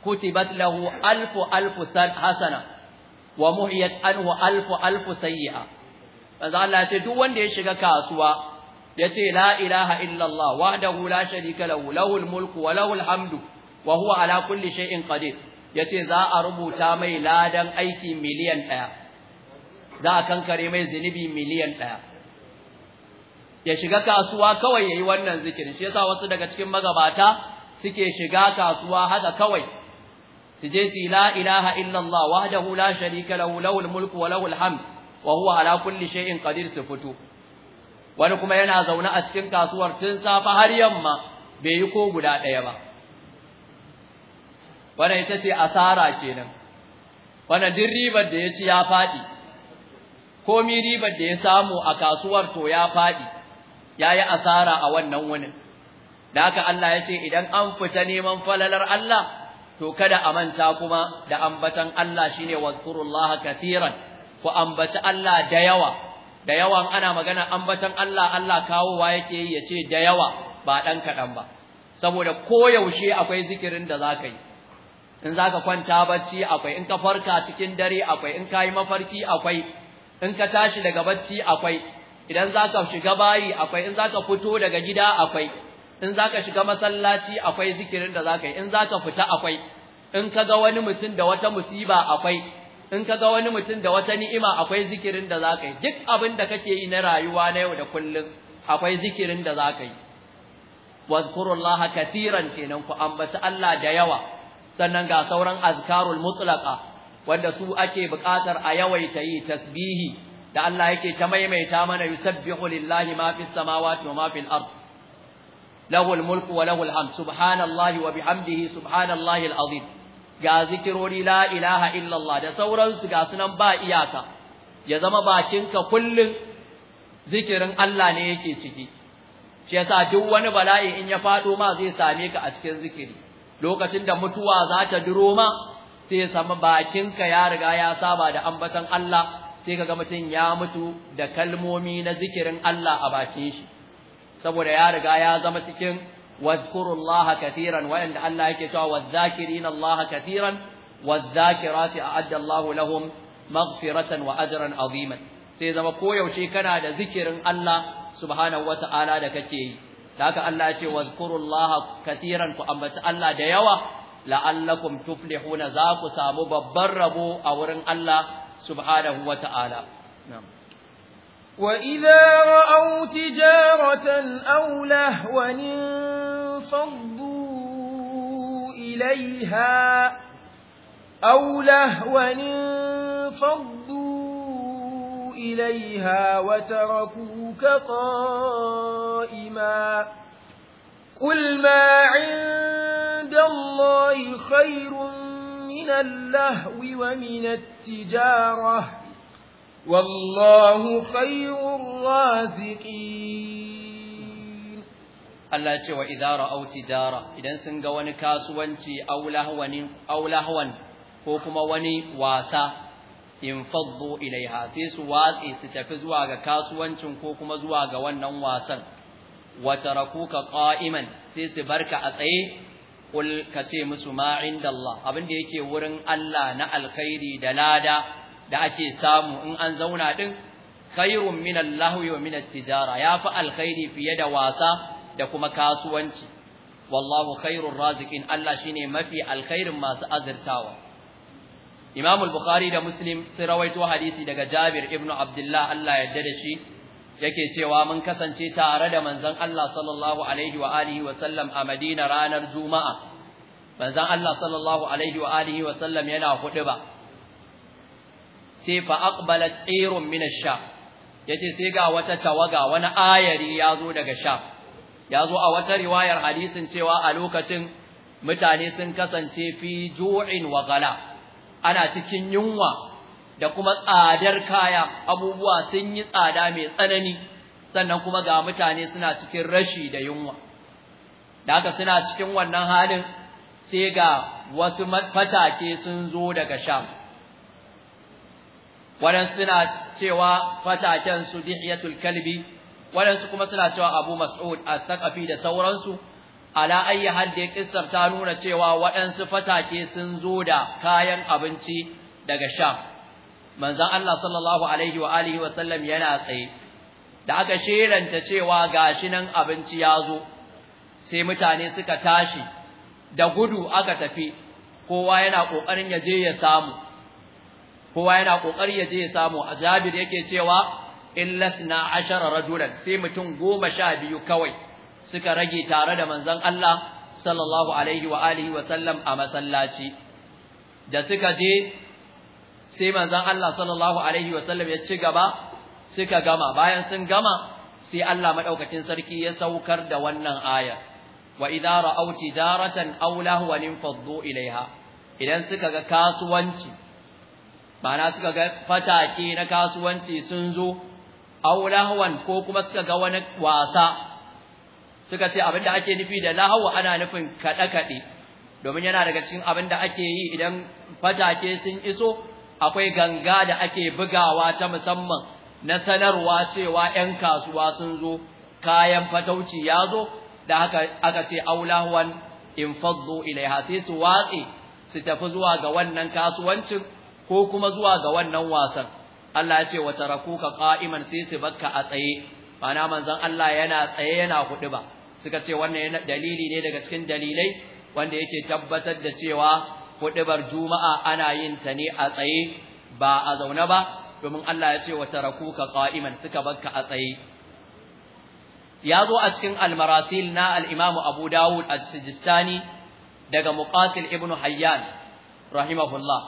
kutibat lahu alfu alfu hasana wa muhiyat anhu alfu alfu sayyi'a manzo Allah ce duk wanda ya shiga kasuwa ya ce, la ilaha illallah wahdahu la sharika lahu lahul mulku wa lahul hamdu wa huwa ala kulli shay'in qadir yace za a rubuta mai ladan aiki miliyan ɗaya za a kankare mai zunubi miliyan ɗaya ya shiga kasuwa kawai yayi wannan zikirin shi yasa wasu daga cikin magabata suke shiga kasuwa haka kawai su je su la ilaha illallah wahdahu la sharika lahu lahul mulku wa lahul hamd wa huwa ala kulli shay'in qadir su fito wani kuma yana zaune a cikin kasuwar tun safa har yamma bai yi ko guda ɗaya ba wannan ita ce asara kenan wannan din ribar da ya ci ya faɗi komi ribar da ya samu a kasuwar to ya faɗi yayi asara a wannan wani da haka Allah ya ce idan an fita neman falalar Allah to kada a manta kuma da ambatan Allah shine wazkurullaha katiran ku ambaci Allah da yawa da yawan ana magana ambatan Allah Allah kawowa yake yi yace da yawa ba ɗan kaɗan ba saboda koyaushe akwai zikirin da za yi in za ka kwanta bacci akwai in ka farka cikin dare akwai in ka yi mafarki akwai in ka tashi daga bacci akwai idan za ka shiga bayi akwai in za ka fito daga gida akwai in za ka shiga masallaci akwai zikirin da za ka yi in za ka fita akwai in ka ga wani mutum da wata musiba akwai in ka ga wani mutum da wata ni'ima akwai zikirin da za ka yi duk abin da kake yi na rayuwa na yau da kullum akwai zikirin da za ka yi wadhkurullaha katiran kenan ku ambaci Allah da yawa sannan ga sauran azkarul mutlaqa wanda su ake buƙatar a yawaita yi tasbihi da Allah yake ta maimaita mana yusabbihu lillahi ma fis samawati wa ma fil ard lahu al mulku wa lahu al hamd subhanallahi wa bihamdihi subhanallahi al azim ga zikirori la ilaha illallah da sauransu ga sunan ba iyaka ya zama bakinka kullun zikirin Allah ne yake ciki shi yasa duk wani bala'i in ya faɗo ma zai same ka a cikin zikiri lokacin da mutuwa za ta duro ma sai ya bakinka ya riga ya saba da ambatan Allah sai kaga mutum ya mutu da kalmomi na zikirin Allah a bakin shi saboda ya riga ya zama cikin wazkurullaha katiran wanda Allah yake cewa wadhakirina Allah katiran wadhakirati a'adda Allah lahum maghfiratan wa ajran aziman sai zama koyaushe kana da zikirin Allah subhanahu wata'ala da kake yi da haka Allah ya ce wazkurullaha katiran ku ambaci Allah da yawa la'allakum tuflihuna za ku samu babban rabo a wurin Allah subhanahu wata'ala wa idza ra'aw tijaratan aw lahwan faddu ilaiha aw lahwan faddu إليها وتركوك قائما قل ما عند الله خير من اللهو ومن التجارة والله خير الرازقين الله يقول وإذا رأوا تجارة إذا سنقوا ونكاس وانتي أو لهوان أو لهوان ko kuma wani in faddu ilaiha sai su watsi su tafi zuwa ga kasuwancin ko kuma zuwa ga wannan wasan wa tarakuka qa'iman sai su barka a tsaye kul ka ce musu ma indallah abin da yake wurin Allah na alkhairi da lada da ake samu in an zauna din khairun min allahwi wa min at-tijara yafi alkhairi fiye da wasa da kuma kasuwanci wallahu khairur raziqin Allah shine mafi alkhairin masu azurtawa Imam al-Bukhari da Muslim sun rawaito hadisi daga Jabir ibn Abdullah Allah ya yarda da shi yake cewa mun kasance tare da manzon Allah sallallahu alaihi wa alihi wa sallam a Madina ranar Juma'a manzon Allah sallallahu alaihi wa alihi wa sallam yana ba. sai fa aqbalat ayrun min ash-sham yace sai ga wata tawaga wani ayari yazo daga Ya yazo a wata riwayar hadisin cewa a lokacin mutane sun kasance fi ju'in wa ghala ana cikin yunwa da kuma tsadar kaya abubuwa sun yi tsada mai tsanani sannan kuma ga mutane suna cikin rashi da yunwa da haka suna cikin wannan halin sai ga wasu fatake sun zo daga sham waɗansu suna cewa fataken su dihiyatul kalbi waɗansu kuma suna cewa abu mas'ud a sakafi da sauransu ala ayi hal kissar ta nuna cewa waɗansu fatake sun zo da kayan abinci daga sha. manzon Allah sallallahu alaihi wa alihi wa sallam yana tsaye da aka shiranta cewa gashi nan abinci ya zo sai mutane suka tashi da gudu aka tafi kowa yana kokarin ya je ya samu kowa yana kokari ya je ya samu Jabir yake cewa illasna ashara rajulan sai mutum goma sha biyu kawai suka rage tare da manzon Allah sallallahu alaihi wa alihi wa sallam a masallaci da suka je sai manzon Allah sallallahu alaihi wa sallam ya ci gaba suka gama bayan sun gama sai Allah madaukakin sarki ya saukar da wannan aya wa idza ra'aw tijaratan aw lahwan faddu ilaiha idan suka ga kasuwanci bana suka ga fatake na kasuwanci sun zo aw lahwan ko kuma suka ga wani wasa suka ce da ake nufi da lahawu ana nufin kaɗe kaɗe domin yana daga cikin abin da ake yi idan fatake sun iso akwai ganga da ake bugawa ta musamman na sanarwa cewa ‘yan kasuwa sun zo kayan fatauci ya zo da haka aka ce aulahwan in faddu ilaiha sai su watse su tafi zuwa ga wannan kasuwancin ko kuma zuwa ga wannan wasan Allah ya ce wa tarakuka qa'iman sai su bakka a tsaye na manzon Allah yana tsaye yana hudu ba suka ce wannan dalili ne daga cikin dalilai wanda yake tabbatar da cewa hudubar juma'a ana yin ta ne a tsaye ba a zaune ba domin Allah ya ce wa tarakuka qa'iman suka barka a tsaye ya zo a cikin almarasil na al-Imam Abu Dawud al-Sijistani daga Muqatil ibn Hayyan rahimahullah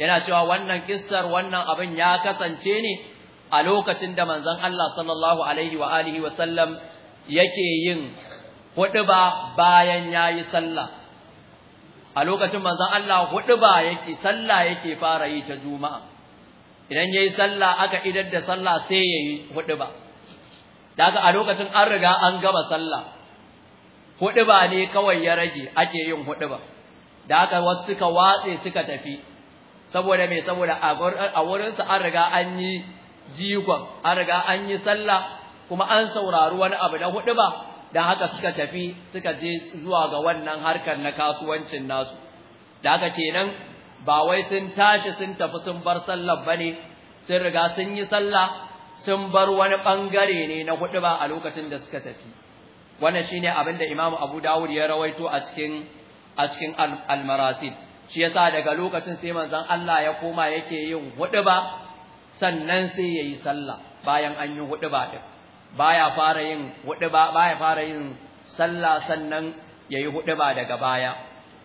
yana cewa wannan kissar wannan abin ya kasance ne a lokacin da manzon Allah sallallahu alaihi wa alihi wa sallam yake yin hudu ba bayan yi sallah a lokacin manzan Allah hudu ba yake sallah yake fara yi ta juma'a idan ya yi sallah aka idar da sallah sai ya yi hudu ba daga a lokacin an riga an gaba sallah hudu ba ne kawai ya rage ake yin hudu ba da aka wasu suka watse suka tafi saboda mai saboda a wurinsu an riga an yi jigon an riga an yi sallah kuma an saurari wani abu na hudu ba da haka suka tafi suka je zuwa ga wannan harkar na kasuwancin nasu da haka kenan ba wai sun tashi sun tafi sun bar sallar bane sun riga sun yi sallah sun bar wani bangare ne na hudu ba a lokacin da suka tafi wannan shine abin da Imam Abu Dawud ya rawaito a cikin a cikin al-Marasil shi yasa daga lokacin sai manzon Allah ya koma yake yin hudu ba sannan sai yayi sallah bayan an yi hudu ba din baya fara yin ba baya fara yin sallah sannan yayi ba daga baya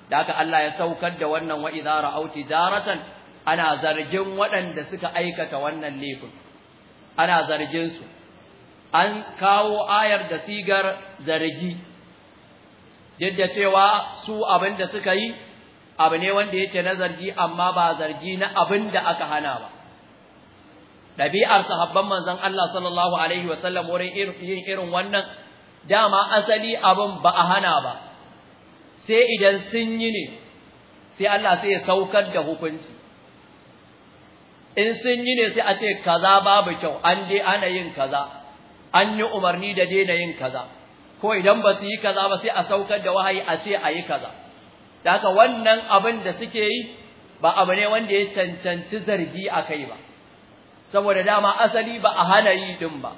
da haka Allah ya saukar da wannan wa idza ra'aw tijaratan ana zargin waɗanda suka aikata wannan laifin ana zargin su an kawo ayar da sigar zargi yadda cewa su abin da suka yi abu ne wanda yake na zargi amma ba zargi na abin da aka hana ba ɗabi'ar sahabban manzon Allah sallallahu alaihi wa sallam wurin yin irin wannan dama asali abin ba a hana ba sai idan sun yi ne sai Allah sai ya saukar da hukunci in sun yi ne sai a ce kaza babu kyau an dai ana yin kaza an yi umarni da daina yin kaza ko idan ba su yi kaza ba sai a saukar da wahayi a ce a yi kaza da haka wannan abin da suke yi ba abu ne wanda ya cancanci zargi a kai ba saboda dama asali ba a hana yi din ba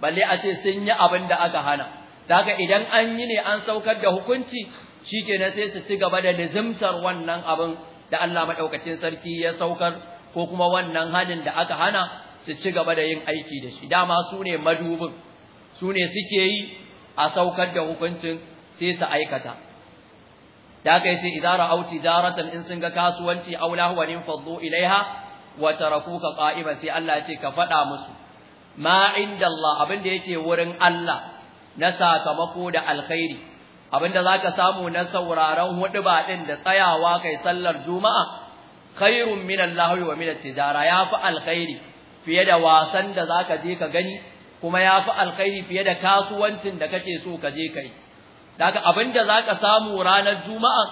balle a ce sun yi abin da aka hana daga idan an yi ne an saukar da hukunci na sai su ci gaba da nizimtar wannan abin da Allah maɗaukacin sarki ya saukar ko kuma wannan halin da aka hana su ci gaba da yin aiki da shi dama su ne madubin su ne suke yi a saukar da hukuncin sai su aikata da aka yi sai idara auti daratan in sun ga kasuwanci wa nin faddu ilaiha Wata raku ka qa'iman sai Allah ya ce ka faɗa musu ma inda Allah abin da yake wurin Allah na sakamako da alkhairi abin da zaka samu na sauraron huduba din da tsayawa kai sallar juma'a kairun min Allahi wa min at-tijara yafi alkhairi fiye da wasan da zaka je ka gani kuma yafi alkhairi fiye da kasuwancin da kake so ka je aka daga abin da zaka samu ranar juma'a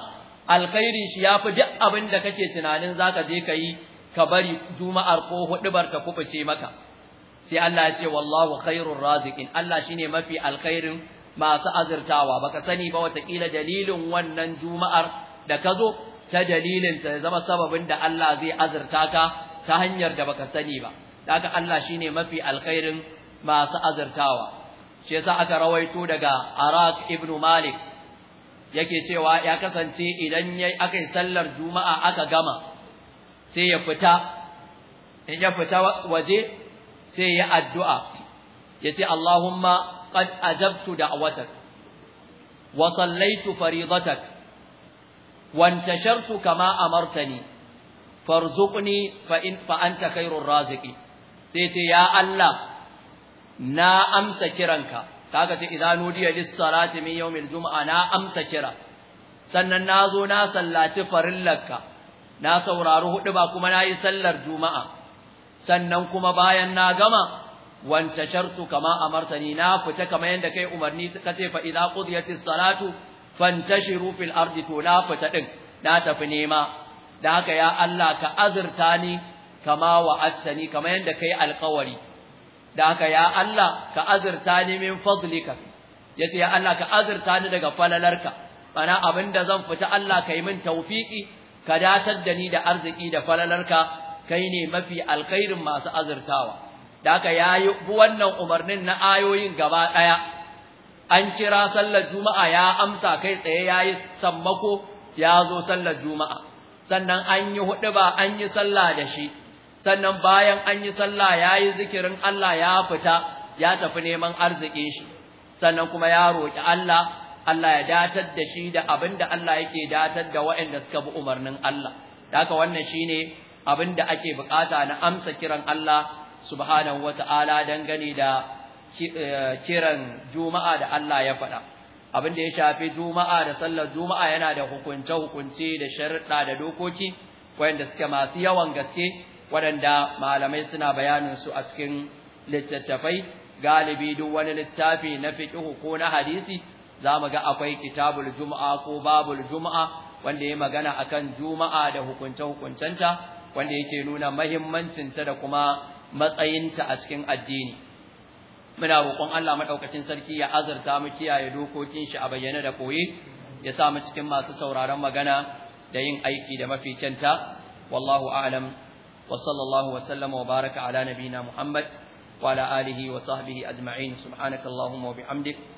alkhairi shi yafi duk abin da kake tunanin zaka je kai ka bari juma'ar ko hudubar ta kubuce maka sai Allah ya ce wallahu khairur raziqin Allah shine mafi alkhairin masu azurtawa baka sani ba watakila dalilin wannan juma'ar da ka zo ta dalilin ta zama sababin da Allah zai azurta ka ta hanyar da baka sani ba daga Allah shine mafi alkhairin masu azurtawa shi yasa aka rawaito daga Arak ibn Malik yake cewa ya kasance idan yayi akai sallar juma'a aka gama sai ya fita in ya fita waje sai ya addu'a ya ce Allahumma qad ajabtu da'watak wa sallaitu faridatak wa intashartu kama amartani farzuqni fa in fa anta khairur raziqi sai ce ya Allah na amsa kiranka kaga ce idan nudiya lis salati min yawmil jum'a na amsa kira sannan nazo na sallaci farillarka na saurari hudu ba kuma na yi sallar juma'a sannan kuma bayan na gama wanta shartu kama amartani na fita kama yadda kai umarni ka ce fa idza qudiyatis salatu fanta shi, rufin arziki. na fita ɗin, na tafi nema da haka ya Allah ka azurta ni kama wa'attani kama yadda kai alƙawari da haka ya Allah ka azurta ni min Ya ce ya Allah ka azurta ni daga falalarka ana da zan fita Allah ka yi min tawfiki ka datar da ni da arziki da falalarka kai ne mafi alkhairin masu azurtawa da aka yayi wannan umarnin na ayoyin gaba daya an kira sallar juma'a ya amsa kai tsaye yayi sammako ya zo sallar juma'a sannan an yi huɗuba an yi sallah da shi sannan bayan an yi sallah yayi zikirin Allah ya fita ya tafi neman arzikin shi sannan kuma ya roki Allah Allah ya datar da shi da abin da Allah yake datar da waɗanda suka bi umarnin Allah haka wannan shine abin da ake bukata na amsa kiran Allah subhanahu wata'ala dangane da eh, kiran juma'a da Allah ya faɗa abin da ya shafi juma'a da sallar juma'a yana da hukunce hukunce da sharuɗa da dokoki waɗanda suka masu yawan gaske waɗanda malamai suna bayanin su a cikin littattafai galibi duk wani littafi na fiqh ko na hadisi za mu ga akwai kitabul juma'a ko babul juma'a wanda ya magana akan juma'a da hukunce-hukuncenta wanda yake nuna mahimmancinta da kuma matsayinta a cikin addini muna roƙon Allah madaukakin sarki ya azurta mu kiyaye dokokin shi a bayyane da koyi ya sa mu cikin masu sauraron magana da yin aiki da mafi kyanta wallahu a'lam wa sallallahu wa sallama wa baraka ala nabina muhammad wa ala alihi wa sahbihi ajma'in subhanakallahumma wa bihamdika